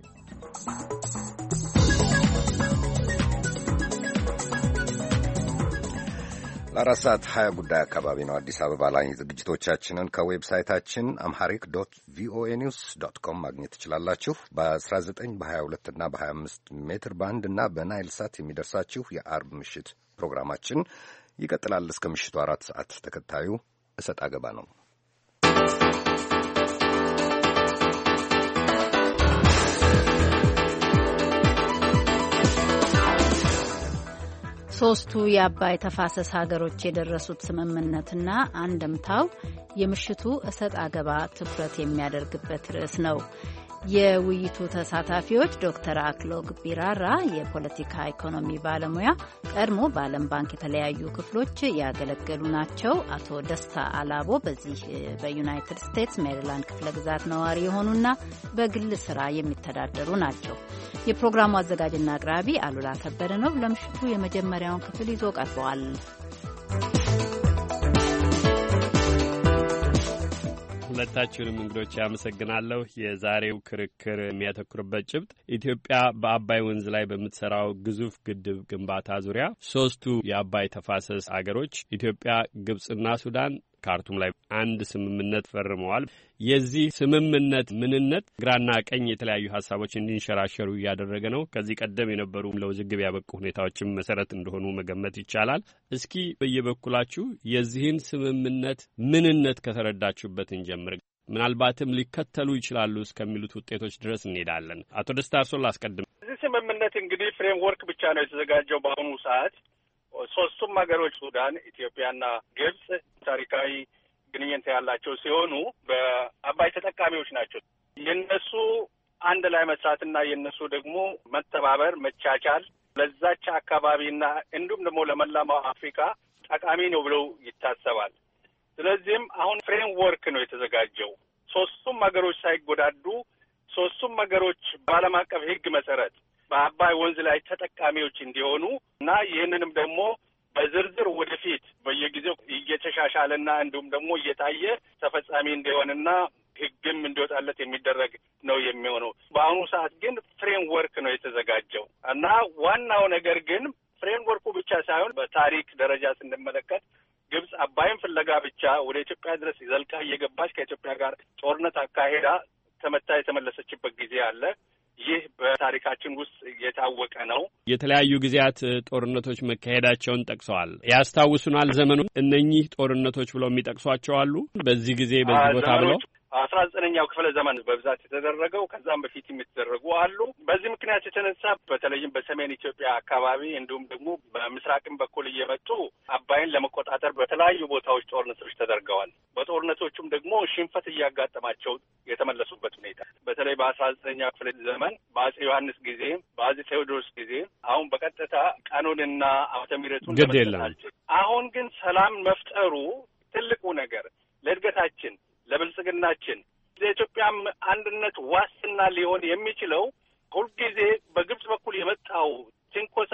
አራት ሰዓት ሀያ ጉዳይ አካባቢ ነው አዲስ አበባ ላይ። ዝግጅቶቻችንን ከዌብሳይታችን አምሐሪክ ዶት ቪኦኤ ኒውስ ዶት ኮም ማግኘት ትችላላችሁ። በ19 በ22 እና በ25 ሜትር ባንድ እና በናይል ሳት የሚደርሳችሁ የአርብ ምሽት ፕሮግራማችን ይቀጥላል እስከ ምሽቱ አራት ሰዓት። ተከታዩ እሰጥ አገባ ነው።
ሶስቱ የአባይ ተፋሰስ ሀገሮች የደረሱት ስምምነትና አንድምታው የምሽቱ እሰጥ አገባ ትኩረት የሚያደርግበት ርዕስ ነው። የውይይቱ ተሳታፊዎች ዶክተር አክሎግ ቢራራ የፖለቲካ ኢኮኖሚ ባለሙያ፣ ቀድሞ በዓለም ባንክ የተለያዩ ክፍሎች ያገለገሉ ናቸው። አቶ ደስታ አላቦ በዚህ በዩናይትድ ስቴትስ ሜሪላንድ ክፍለ ግዛት ነዋሪ የሆኑና በግል ስራ የሚተዳደሩ ናቸው። የፕሮግራሙ አዘጋጅና አቅራቢ አሉላ ከበደ ነው። ለምሽቱ የመጀመሪያውን ክፍል ይዞ ቀርበዋል።
ሁለታችሁንም እንግዶች ያመሰግናለሁ። የዛሬው ክርክር የሚያተኩርበት ጭብጥ ኢትዮጵያ በአባይ ወንዝ ላይ በምትሰራው ግዙፍ ግድብ ግንባታ ዙሪያ ሶስቱ የአባይ ተፋሰስ አገሮች ኢትዮጵያ፣ ግብጽና ሱዳን ካርቱም ላይ አንድ ስምምነት ፈርመዋል። የዚህ ስምምነት ምንነት ግራና ቀኝ የተለያዩ ሀሳቦች እንዲንሸራሸሩ እያደረገ ነው። ከዚህ ቀደም የነበሩ ለውዝግብ ያበቁ ሁኔታዎችም መሰረት እንደሆኑ መገመት ይቻላል። እስኪ በየበኩላችሁ የዚህን ስምምነት ምንነት ከተረዳችሁበት እንጀምር። ምናልባትም ሊከተሉ ይችላሉ እስከሚሉት ውጤቶች ድረስ እንሄዳለን። አቶ ደስታ እርሶን ላስቀድም።
እዚህ ስምምነት እንግዲህ ፍሬምወርክ ብቻ ነው የተዘጋጀው በአሁኑ ሰዓት ሶስቱም ሀገሮች ሱዳን፣ ኢትዮጵያና ግብጽ ታሪካዊ ግንኙነት ያላቸው ሲሆኑ በአባይ ተጠቃሚዎች ናቸው። የነሱ አንድ ላይ መስራትና የነሱ ደግሞ መተባበር፣ መቻቻል ለዛች አካባቢና እንዲሁም ደግሞ ለመላማው አፍሪካ ጠቃሚ ነው ብለው ይታሰባል። ስለዚህም አሁን ፍሬምወርክ ነው የተዘጋጀው ሶስቱም ሀገሮች ሳይጎዳዱ ሶስቱም ሀገሮች በዓለም አቀፍ ሕግ መሰረት በአባይ ወንዝ ላይ ተጠቃሚዎች እንዲሆኑ እና ይህንንም ደግሞ በዝርዝር ወደፊት በየጊዜው እየተሻሻለና እንዲሁም ደግሞ እየታየ ተፈጻሚ እንዲሆንና ሕግም እንዲወጣለት የሚደረግ ነው የሚሆነው። በአሁኑ ሰዓት ግን ፍሬምወርክ ነው የተዘጋጀው እና ዋናው ነገር ግን ፍሬምወርኩ ብቻ ሳይሆን በታሪክ ደረጃ ስንመለከት ግብጽ አባይም ፍለጋ ብቻ ወደ ኢትዮጵያ ድረስ ዘልቃ እየገባች ከኢትዮጵያ ጋር ጦርነት አካሄዳ ተመታ የተመለሰችበት ጊዜ አለ። ይህ በታሪካችን ውስጥ
የታወቀ ነው። የተለያዩ ጊዜያት ጦርነቶች መካሄዳቸውን ጠቅሰዋል። ያስታውሱናል ዘመኑን እነኚህ ጦርነቶች ብለው የሚጠቅሷቸው አሉ። በዚህ ጊዜ በዚህ ቦታ ብለው
አስራ ዘጠነኛው ክፍለ ዘመን በብዛት የተደረገው ከዛም በፊት የሚተደረጉ አሉ። በዚህ ምክንያት የተነሳ በተለይም በሰሜን ኢትዮጵያ አካባቢ እንዲሁም ደግሞ በምስራቅም በኩል እየመጡ አባይን ለመቆጣጠር በተለያዩ ቦታዎች ጦርነቶች ተደርገዋል። በጦርነቶቹም ደግሞ ሽንፈት እያጋጠማቸው የተመለሱበት ሁኔታ በተለይ በአስራ ዘጠነኛው ክፍለ ዘመን በአጼ ዮሐንስ ጊዜ፣ በአጼ ቴዎድሮስ ጊዜ አሁን በቀጥታ ቀኑንና ዓመተ ምሕረቱን አሁን ግን ሰላም መፍጠሩ ትልቁ ነገር ለእድገታችን ለብልጽግናችን ለኢትዮጵያም አንድነት ዋስትና ሊሆን የሚችለው ሁልጊዜ በግብጽ በኩል የመጣው ትንኮሳ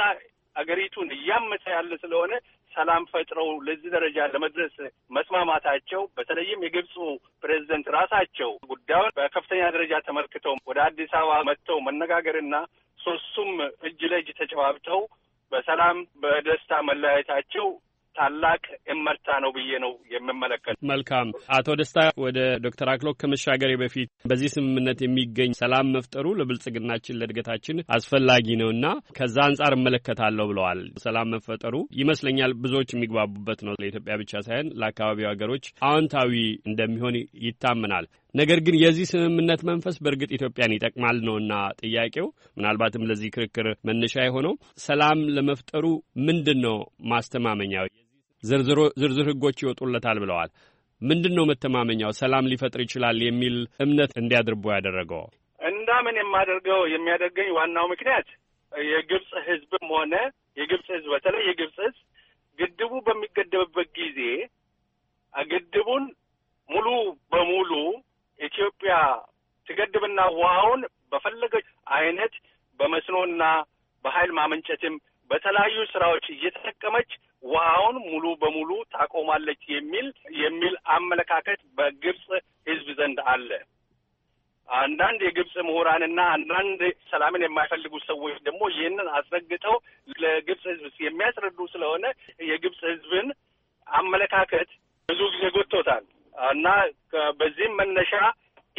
አገሪቱን እያመሰ ያለ ስለሆነ ሰላም ፈጥረው ለዚህ ደረጃ ለመድረስ መስማማታቸው በተለይም የግብፁ ፕሬዝደንት ራሳቸው ጉዳዩን በከፍተኛ ደረጃ ተመልክተው ወደ አዲስ አበባ መጥተው መነጋገርና ሶስቱም እጅ ለእጅ ተጨባብጠው በሰላም በደስታ መለያየታቸው ታላቅ እመርታ ነው ብዬ ነው የምመለከት።
መልካም አቶ ደስታ፣ ወደ ዶክተር አክሎክ ከመሻገሬ በፊት በዚህ ስምምነት የሚገኝ ሰላም መፍጠሩ ለብልጽግናችን ለእድገታችን አስፈላጊ እና ከዛ አንጻር እመለከታለሁ ብለዋል። ሰላም መፈጠሩ ይመስለኛል ብዙዎች የሚግባቡበት ነው። ለኢትዮጵያ ብቻ ሳይሆን ለአካባቢው ሀገሮች አዎንታዊ እንደሚሆን ይታመናል። ነገር ግን የዚህ ስምምነት መንፈስ በእርግጥ ኢትዮጵያን ይጠቅማል ነውና ጥያቄው ምናልባትም ለዚህ ክርክር መነሻ የሆነው ሰላም ለመፍጠሩ ምንድን ነው ማስተማመኛው? ዝርዝር ህጎች ይወጡለታል ብለዋል። ምንድን ነው መተማመኛው ሰላም ሊፈጥር ይችላል የሚል እምነት እንዲያድርቦ ያደረገው?
እንዳምን የማደርገው የሚያደርገኝ ዋናው ምክንያት የግብፅ ህዝብም ሆነ የግብፅ ህዝብ በተለይ የግብፅ ህዝብ ግድቡ በሚገደብበት ጊዜ ግድቡን ሙሉ በሙሉ ኢትዮጵያ ትገድብና ውሃውን በፈለገች አይነት በመስኖና በኃይል ማመንጨትም በተለያዩ ስራዎች እየተጠቀመች ውሃውን ሙሉ በሙሉ ታቆማለች የሚል የሚል አመለካከት በግብፅ ህዝብ ዘንድ አለ። አንዳንድ የግብፅ ምሁራንና አንዳንድ ሰላምን የማይፈልጉ ሰዎች ደግሞ ይህንን አስረግጠው ለግብፅ ህዝብ የሚያስረዱ ስለሆነ የግብፅ ህዝብን አመለካከት ብዙ ጊዜ ጎጥቶታል እና በዚህም መነሻ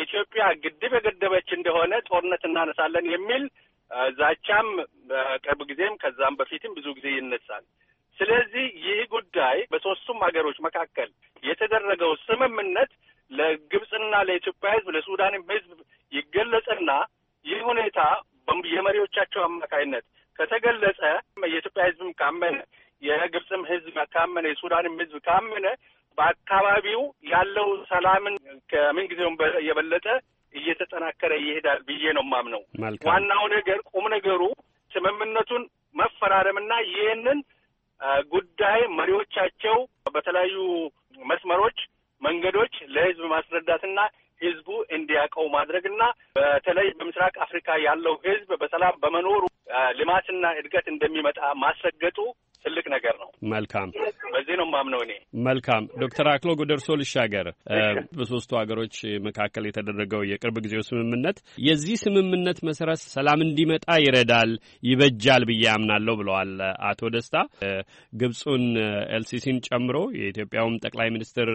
ኢትዮጵያ ግድብ የገደበች እንደሆነ ጦርነት እናነሳለን የሚል ዛቻም በቅርብ ጊዜም ከዛም በፊትም ብዙ ጊዜ ይነሳል። ስለዚህ ይህ ጉዳይ በሶስቱም ሀገሮች መካከል የተደረገው ስምምነት ለግብፅና ለኢትዮጵያ ሕዝብ ለሱዳንም ሕዝብ ይገለጽና ይህ ሁኔታ የመሪዎቻቸው አማካይነት ከተገለጸ የኢትዮጵያ ሕዝብም ካመነ የግብፅም ሕዝብ ካመነ የሱዳንም ሕዝብ ካመነ በአካባቢው ያለው ሰላምን ከምን የበለጠ እየተጠናከረ ይሄዳል ብዬ ነው ማምነው። ዋናው ነገር ቁም ነገሩ ስምምነቱን መፈራረምና ይህንን ጉዳይ መሪዎቻቸው በተለያዩ መስመሮች፣ መንገዶች ለህዝብ ማስረዳትና ህዝቡ እንዲያውቀው ማድረግና በተለይ በምስራቅ አፍሪካ ያለው ህዝብ በሰላም በመኖሩ ልማትና እድገት እንደሚመጣ ማስረገጡ ትልቅ ነገር ነው። መልካም በዚህ ነው ማምነው እኔ።
መልካም ዶክተር አክሎግ ወደ እርስዎ ልሻገር። በሶስቱ ሀገሮች መካከል የተደረገው የቅርብ ጊዜው ስምምነት የዚህ ስምምነት መሰረት ሰላም እንዲመጣ ይረዳል ይበጃል ብዬ አምናለሁ ብለዋል አቶ ደስታ። ግብፁን ኤልሲሲን ጨምሮ የኢትዮጵያውም ጠቅላይ ሚኒስትር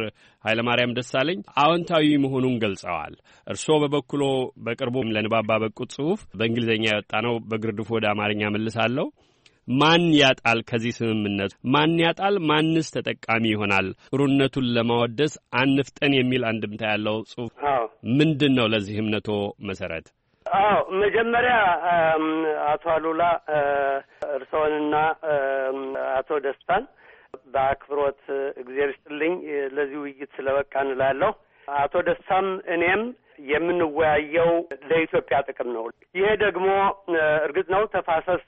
ኃይለማርያም ደሳለኝ አዎንታዊ መሆኑን ገልጸዋል። እርስዎ በበኩሎ በቅርቡ ለንባብ ባበቁት ጽሁፍ በእንግሊዝኛ የወጣ ነው፣ በግርድፉ ወደ አማርኛ መልሳለሁ ማን ያጣል? ከዚህ ስምምነት ማን ያጣል? ማንስ ተጠቃሚ ይሆናል? ጥሩነቱን ለማወደስ አንፍጠን የሚል አንድምታ ያለው ጽሁፍ ምንድን ነው? ለዚህ እምነቶ መሰረት?
አዎ መጀመሪያ አቶ አሉላ እርስዎንና አቶ ደስታን በአክብሮት እግዜር ይስጥልኝ ለዚህ ውይይት ስለበቃ እንላለሁ። አቶ ደስታም እኔም የምንወያየው ለኢትዮጵያ ጥቅም ነው። ይሄ ደግሞ እርግጥ ነው ተፋሰስ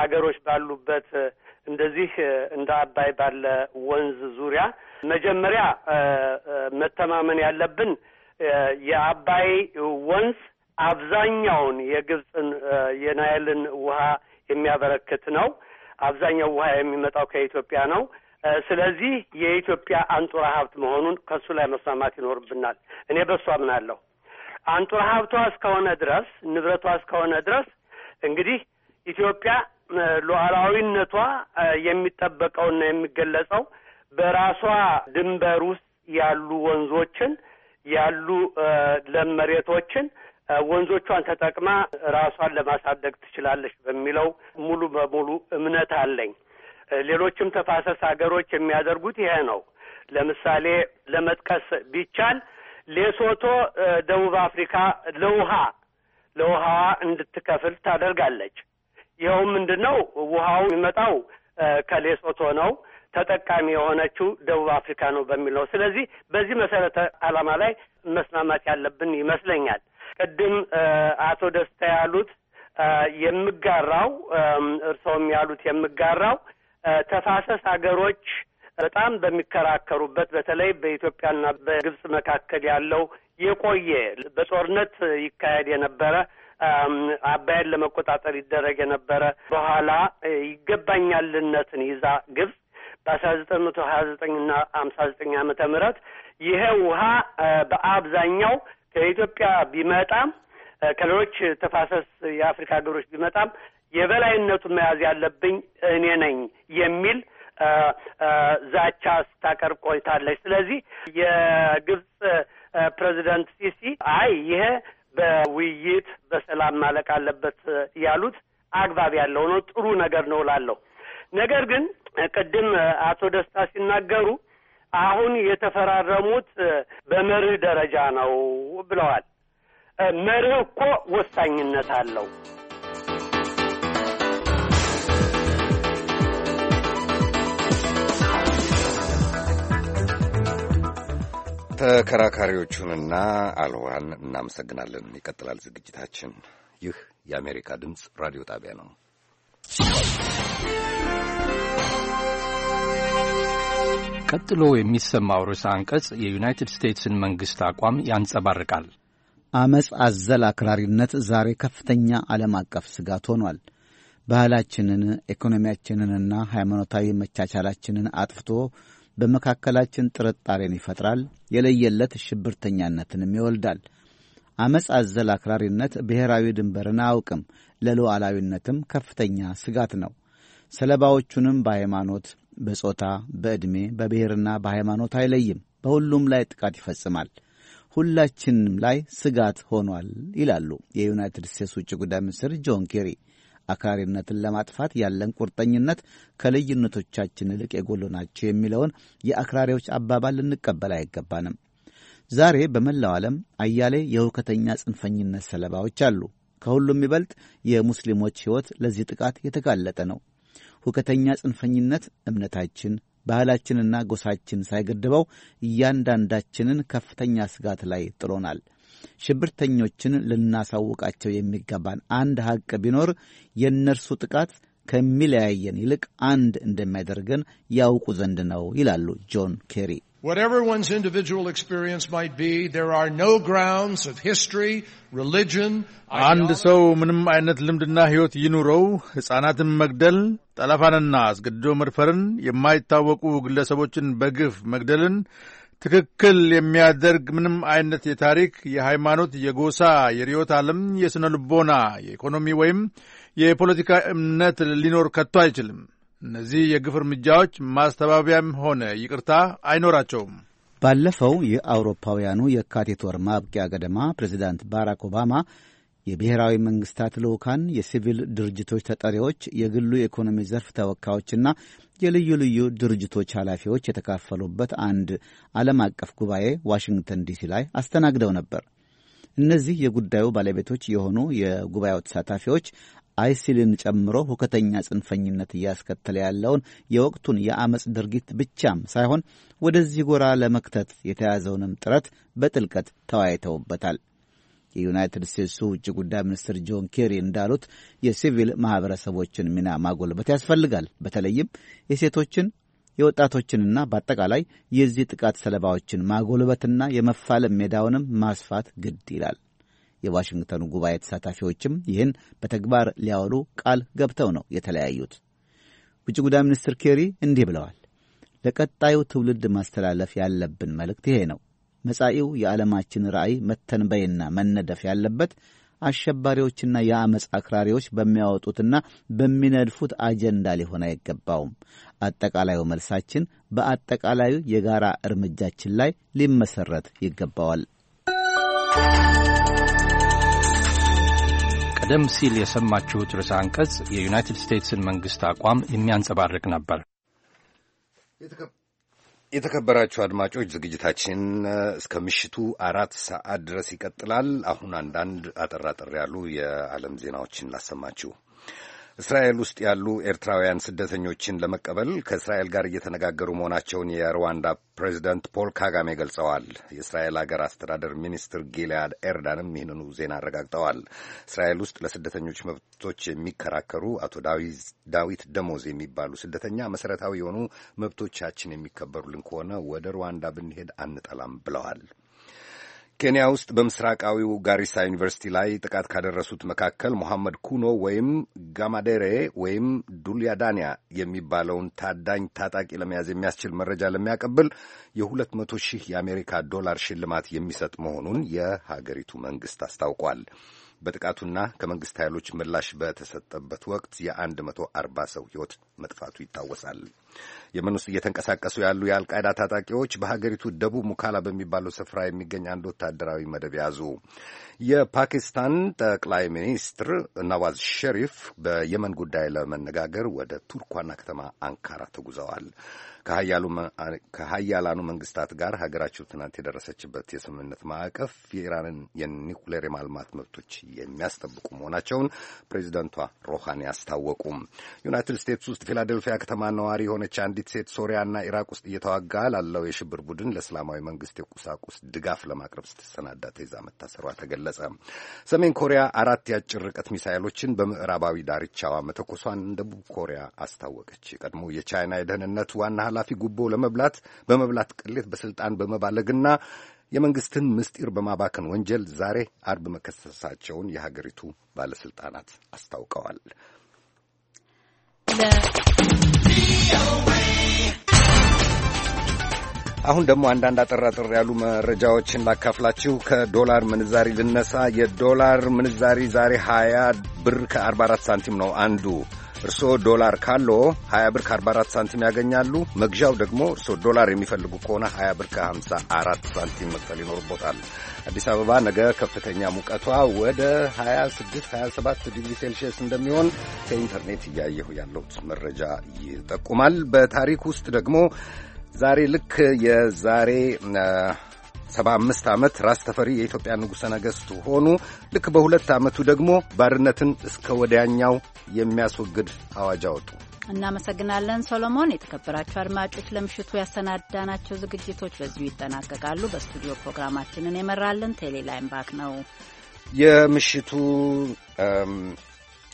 አገሮች ባሉበት እንደዚህ እንደ አባይ ባለ ወንዝ ዙሪያ መጀመሪያ መተማመን ያለብን የአባይ ወንዝ አብዛኛውን የግብፅን የናይልን ውሃ የሚያበረክት ነው። አብዛኛው ውሃ የሚመጣው ከኢትዮጵያ ነው። ስለዚህ የኢትዮጵያ አንጡራ ሀብት መሆኑን ከእሱ ላይ መስማማት ይኖርብናል። እኔ በሱ አምናለሁ። አንጡራ ሀብቷ እስከሆነ ድረስ ንብረቷ እስከሆነ ድረስ እንግዲህ ኢትዮጵያ ሉዓላዊነቷ የሚጠበቀውና የሚገለጸው በራሷ ድንበር ውስጥ ያሉ ወንዞችን ያሉ ለም መሬቶችን ወንዞቿን ተጠቅማ ራሷን ለማሳደግ ትችላለች በሚለው ሙሉ በሙሉ እምነት አለኝ። ሌሎችም ተፋሰስ ሀገሮች የሚያደርጉት ይሄ ነው። ለምሳሌ ለመጥቀስ ቢቻል ሌሶቶ ደቡብ አፍሪካ ለውሃ ለውሃ እንድትከፍል ታደርጋለች። ይኸው ምንድን ነው ውሃው የሚመጣው ከሌሶቶ ነው፣ ተጠቃሚ የሆነችው ደቡብ አፍሪካ ነው በሚል ነው። ስለዚህ በዚህ መሰረተ ዓላማ ላይ መስማማት ያለብን ይመስለኛል። ቅድም አቶ ደስታ ያሉት የምጋራው እርሰውም ያሉት የምጋራው ተፋሰስ ሀገሮች በጣም በሚከራከሩበት በተለይ በኢትዮጵያና በግብጽ መካከል ያለው የቆየ በጦርነት ይካሄድ የነበረ አባይን ለመቆጣጠር ይደረግ የነበረ በኋላ ይገባኛልነትን ይዛ ግብጽ በአስራ ዘጠኝ መቶ ሀያ ዘጠኝና አምሳ ዘጠኝ ዓመተ ምህረት ይሄ ውሃ በአብዛኛው ከኢትዮጵያ ቢመጣም ከሌሎች ተፋሰስ የአፍሪካ ሀገሮች ቢመጣም የበላይነቱን መያዝ ያለብኝ እኔ ነኝ የሚል ዛቻ ስታቀርብ ቆይታለች። ስለዚህ የግብጽ ፕሬዚደንት ሲሲ አይ ይሄ በውይይት በሰላም ማለቅ አለበት ያሉት አግባብ ያለው ነው፣ ጥሩ ነገር ነው ላለው ነገር ግን ቅድም አቶ ደስታ ሲናገሩ አሁን የተፈራረሙት በመርህ ደረጃ ነው ብለዋል። መርህ እኮ ወሳኝነት አለው።
ተከራካሪዎቹንና አልዋን እናመሰግናለን። ይቀጥላል ዝግጅታችን። ይህ የአሜሪካ ድምፅ ራዲዮ ጣቢያ ነው።
ቀጥሎ የሚሰማው ርዕሰ አንቀጽ የዩናይትድ ስቴትስን መንግሥት አቋም ያንጸባርቃል።
አመፅ አዘል አክራሪነት ዛሬ ከፍተኛ ዓለም አቀፍ ስጋት ሆኗል። ባህላችንን፣ ኢኮኖሚያችንንና ሃይማኖታዊ መቻቻላችንን አጥፍቶ በመካከላችን ጥርጣሬን ይፈጥራል፣ የለየለት ሽብርተኛነትንም ይወልዳል። አመፅ አዘል አክራሪነት ብሔራዊ ድንበርን አያውቅም፣ ለሉዓላዊነትም ከፍተኛ ስጋት ነው። ሰለባዎቹንም በሃይማኖት፣ በጾታ፣ በዕድሜ፣ በብሔርና በሃይማኖት አይለይም። በሁሉም ላይ ጥቃት ይፈጽማል። ሁላችንም ላይ ስጋት ሆኗል ይላሉ የዩናይትድ ስቴትስ ውጭ ጉዳይ ሚኒስትር ጆን ኬሪ። አክራሪነትን ለማጥፋት ያለን ቁርጠኝነት ከልዩነቶቻችን ይልቅ የጎሉ ናቸው የሚለውን የአክራሪዎች አባባል ልንቀበል አይገባንም። ዛሬ በመላው ዓለም አያሌ የሁከተኛ ጽንፈኝነት ሰለባዎች አሉ። ከሁሉም ይበልጥ የሙስሊሞች ሕይወት ለዚህ ጥቃት የተጋለጠ ነው። ሁከተኛ ጽንፈኝነት እምነታችን፣ ባህላችንና ጎሳችን ሳይገድበው እያንዳንዳችንን ከፍተኛ ስጋት ላይ ጥሎናል። ሽብርተኞችን ልናሳውቃቸው የሚገባን አንድ ሐቅ ቢኖር የእነርሱ ጥቃት ከሚለያየን ይልቅ አንድ እንደሚያደርገን ያውቁ ዘንድ ነው ይላሉ ጆን ኬሪ።
Whatever one's individual experience might be, there
are no grounds of history, religion, አንድ ሰው ምንም አይነት ልምድና ሕይወት ይኑረው ሕፃናትን መግደል ጠለፋንና አስገድዶ መድፈርን፣ የማይታወቁ ግለሰቦችን በግፍ መግደልን ትክክል የሚያደርግ ምንም አይነት የታሪክ፣ የሃይማኖት፣ የጎሳ፣ የርዕዮተ ዓለም፣ የሥነ ልቦና፣ የኢኮኖሚ ወይም የፖለቲካ እምነት ሊኖር ከቶ አይችልም። እነዚህ የግፍ እርምጃዎች ማስተባበያም ሆነ ይቅርታ አይኖራቸውም።
ባለፈው የአውሮፓውያኑ የካቲት ወር ማብቂያ ገደማ ፕሬዚዳንት ባራክ ኦባማ የብሔራዊ መንግስታት ልዑካን፣ የሲቪል ድርጅቶች ተጠሪዎች፣ የግሉ የኢኮኖሚ ዘርፍ ተወካዮችና የልዩ ልዩ ድርጅቶች ኃላፊዎች የተካፈሉበት አንድ ዓለም አቀፍ ጉባኤ ዋሽንግተን ዲሲ ላይ አስተናግደው ነበር። እነዚህ የጉዳዩ ባለቤቶች የሆኑ የጉባኤው ተሳታፊዎች አይሲልን ጨምሮ ሁከተኛ ጽንፈኝነት እያስከተለ ያለውን የወቅቱን የአመፅ ድርጊት ብቻም ሳይሆን ወደዚህ ጎራ ለመክተት የተያዘውንም ጥረት በጥልቀት ተወያይተውበታል። የዩናይትድ ስቴትሱ ውጭ ጉዳይ ሚኒስትር ጆን ኬሪ እንዳሉት የሲቪል ማህበረሰቦችን ሚና ማጎልበት ያስፈልጋል። በተለይም የሴቶችን የወጣቶችንና በአጠቃላይ የዚህ ጥቃት ሰለባዎችን ማጎልበትና የመፋለም ሜዳውንም ማስፋት ግድ ይላል። የዋሽንግተኑ ጉባኤ ተሳታፊዎችም ይህን በተግባር ሊያወሉ ቃል ገብተው ነው የተለያዩት። ውጭ ጉዳይ ሚኒስትር ኬሪ እንዲህ ብለዋል። ለቀጣዩ ትውልድ ማስተላለፍ ያለብን መልእክት ይሄ ነው። መጻኢው የዓለማችን ራእይ መተንበይና መነደፍ ያለበት አሸባሪዎችና የአመፅ አክራሪዎች በሚያወጡትና በሚነድፉት አጀንዳ ሊሆን አይገባውም። አጠቃላዩ መልሳችን በአጠቃላዩ የጋራ እርምጃችን ላይ ሊመሰረት ይገባዋል።
ቀደም ሲል የሰማችሁት ርዕሰ አንቀጽ የዩናይትድ ስቴትስን መንግሥት አቋም የሚያንጸባርቅ ነበር።
የተከበራችሁ አድማጮች ዝግጅታችን እስከ ምሽቱ አራት ሰዓት ድረስ ይቀጥላል። አሁን አንዳንድ አጠር ያሉ የዓለም ዜናዎችን ላሰማችሁ። እስራኤል ውስጥ ያሉ ኤርትራውያን ስደተኞችን ለመቀበል ከእስራኤል ጋር እየተነጋገሩ መሆናቸውን የሩዋንዳ ፕሬዚደንት ፖል ካጋሜ ገልጸዋል። የእስራኤል አገር አስተዳደር ሚኒስትር ጊልያድ ኤርዳንም ይህንኑ ዜና አረጋግጠዋል። እስራኤል ውስጥ ለስደተኞች መብቶች የሚከራከሩ አቶ ዳዊት ደሞዝ የሚባሉ ስደተኛ መሰረታዊ የሆኑ መብቶቻችን የሚከበሩልን ከሆነ ወደ ሩዋንዳ ብንሄድ አንጠላም ብለዋል። ኬንያ ውስጥ በምስራቃዊው ጋሪሳ ዩኒቨርሲቲ ላይ ጥቃት ካደረሱት መካከል ሞሐመድ ኩኖ ወይም ጋማዴሬ ወይም ዱልያ ዳንያ የሚባለውን ታዳኝ ታጣቂ ለመያዝ የሚያስችል መረጃ ለሚያቀብል የሁለት መቶ ሺህ የአሜሪካ ዶላር ሽልማት የሚሰጥ መሆኑን የሀገሪቱ መንግስት አስታውቋል። በጥቃቱና ከመንግስት ኃይሎች ምላሽ በተሰጠበት ወቅት የአንድ መቶ አርባ ሰው ሕይወት መጥፋቱ ይታወሳል። የመን ውስጥ እየተንቀሳቀሱ ያሉ የአልቃይዳ ታጣቂዎች በሀገሪቱ ደቡብ ሙካላ በሚባለው ስፍራ የሚገኝ አንድ ወታደራዊ መደብ ያዙ። የፓኪስታን ጠቅላይ ሚኒስትር ናዋዝ ሸሪፍ በየመን ጉዳይ ለመነጋገር ወደ ቱርክ ዋና ከተማ አንካራ ተጉዘዋል። ከሀያላኑ መንግስታት ጋር ሀገራቸው ትናንት የደረሰችበት የስምምነት ማዕቀፍ የኢራንን የኒኩሌር የማልማት መብቶች የሚያስጠብቁ መሆናቸውን ፕሬዚደንቷ ሮሃኒ አስታወቁም። ዩናይትድ ስቴትስ ውስጥ ፊላደልፊያ ከተማ ነዋሪ የሆነች አንዲት ሴት ሶሪያና ኢራቅ ውስጥ እየተዋጋ ላለው የሽብር ቡድን ለእስላማዊ መንግስት የቁሳቁስ ድጋፍ ለማቅረብ ስትሰናዳ ተይዛ መታሰሯ ተገለጸ። ሰሜን ኮሪያ አራት የአጭር ርቀት ሚሳይሎችን በምዕራባዊ ዳርቻዋ መተኮሷን ደቡብ ኮሪያ አስታወቀች። የቀድሞ የቻይና የደህንነት ዋና ኃላፊ ጉቦ ለመብላት በመብላት ቅሌት በስልጣን በመባለግና የመንግስትን ምስጢር በማባከን ወንጀል ዛሬ አርብ መከሰሳቸውን የሀገሪቱ ባለስልጣናት አስታውቀዋል። አሁን ደግሞ አንዳንድ አጠራጠር ያሉ መረጃዎችን ላካፍላችሁ። ከዶላር ምንዛሪ ልነሳ። የዶላር ምንዛሪ ዛሬ 20 ብር ከ44 ሳንቲም ነው አንዱ። እርስዎ ዶላር ካለ 20 ብር ከ44 ሳንቲም ያገኛሉ። መግዣው ደግሞ እርስዎ ዶላር የሚፈልጉ ከሆነ 20 ብር ከ54 ሳንቲም መክፈል ይኖርቦታል። አዲስ አበባ ነገ ከፍተኛ ሙቀቷ ወደ 26 27 ዲግሪ ሴልሺየስ እንደሚሆን ከኢንተርኔት እያየሁ ያለሁት መረጃ ይጠቁማል። በታሪክ ውስጥ ደግሞ ዛሬ ልክ የዛሬ 75 ዓመት ራስ ተፈሪ የኢትዮጵያ ንጉሠ ነገሥት ሆኑ። ልክ በሁለት ዓመቱ ደግሞ ባርነትን እስከ ወዲያኛው የሚያስወግድ አዋጅ አወጡ።
እናመሰግናለን ሶሎሞን። የተከበራችሁ አድማጮች ለምሽቱ ያሰናዳናቸው ዝግጅቶች በዚሁ ይጠናቀቃሉ። በስቱዲዮ ፕሮግራማችንን የመራልን ቴሌላይም ባክ ነው።
የምሽቱ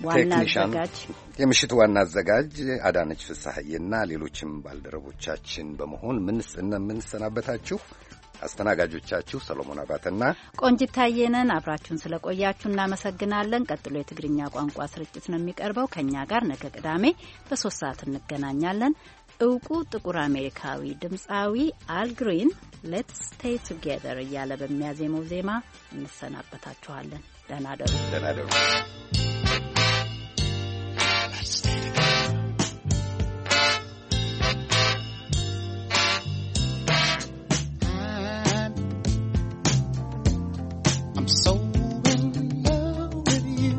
ቴክኒሻን የምሽቱ ዋና አዘጋጅ አዳነች ፍሳሐዬና ሌሎችም ባልደረቦቻችን በመሆን ምንስ እነምንሰናበታችሁ አስተናጋጆቻችሁ ሰሎሞን አባተና
ቆንጅት ታየነን። አብራችሁን ስለቆያችሁ እናመሰግናለን። ቀጥሎ የትግርኛ ቋንቋ ስርጭት ነው የሚቀርበው። ከእኛ ጋር ነገ ቅዳሜ በሶስት ሰዓት እንገናኛለን። እውቁ ጥቁር አሜሪካዊ ድምፃዊ አል ግሪን ሌትስ ስቴይ ቱጌዘር እያለ በሚያዜመው ዜማ እንሰናበታችኋለን። ደህና ደሩ።
so in love with you.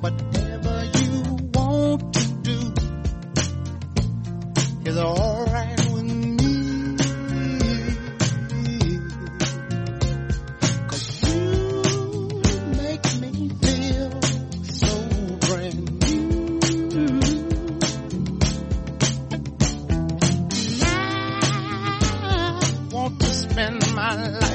Whatever you want to do
is alright
with me. Cause you make me feel
so brand new. I want to spend my life.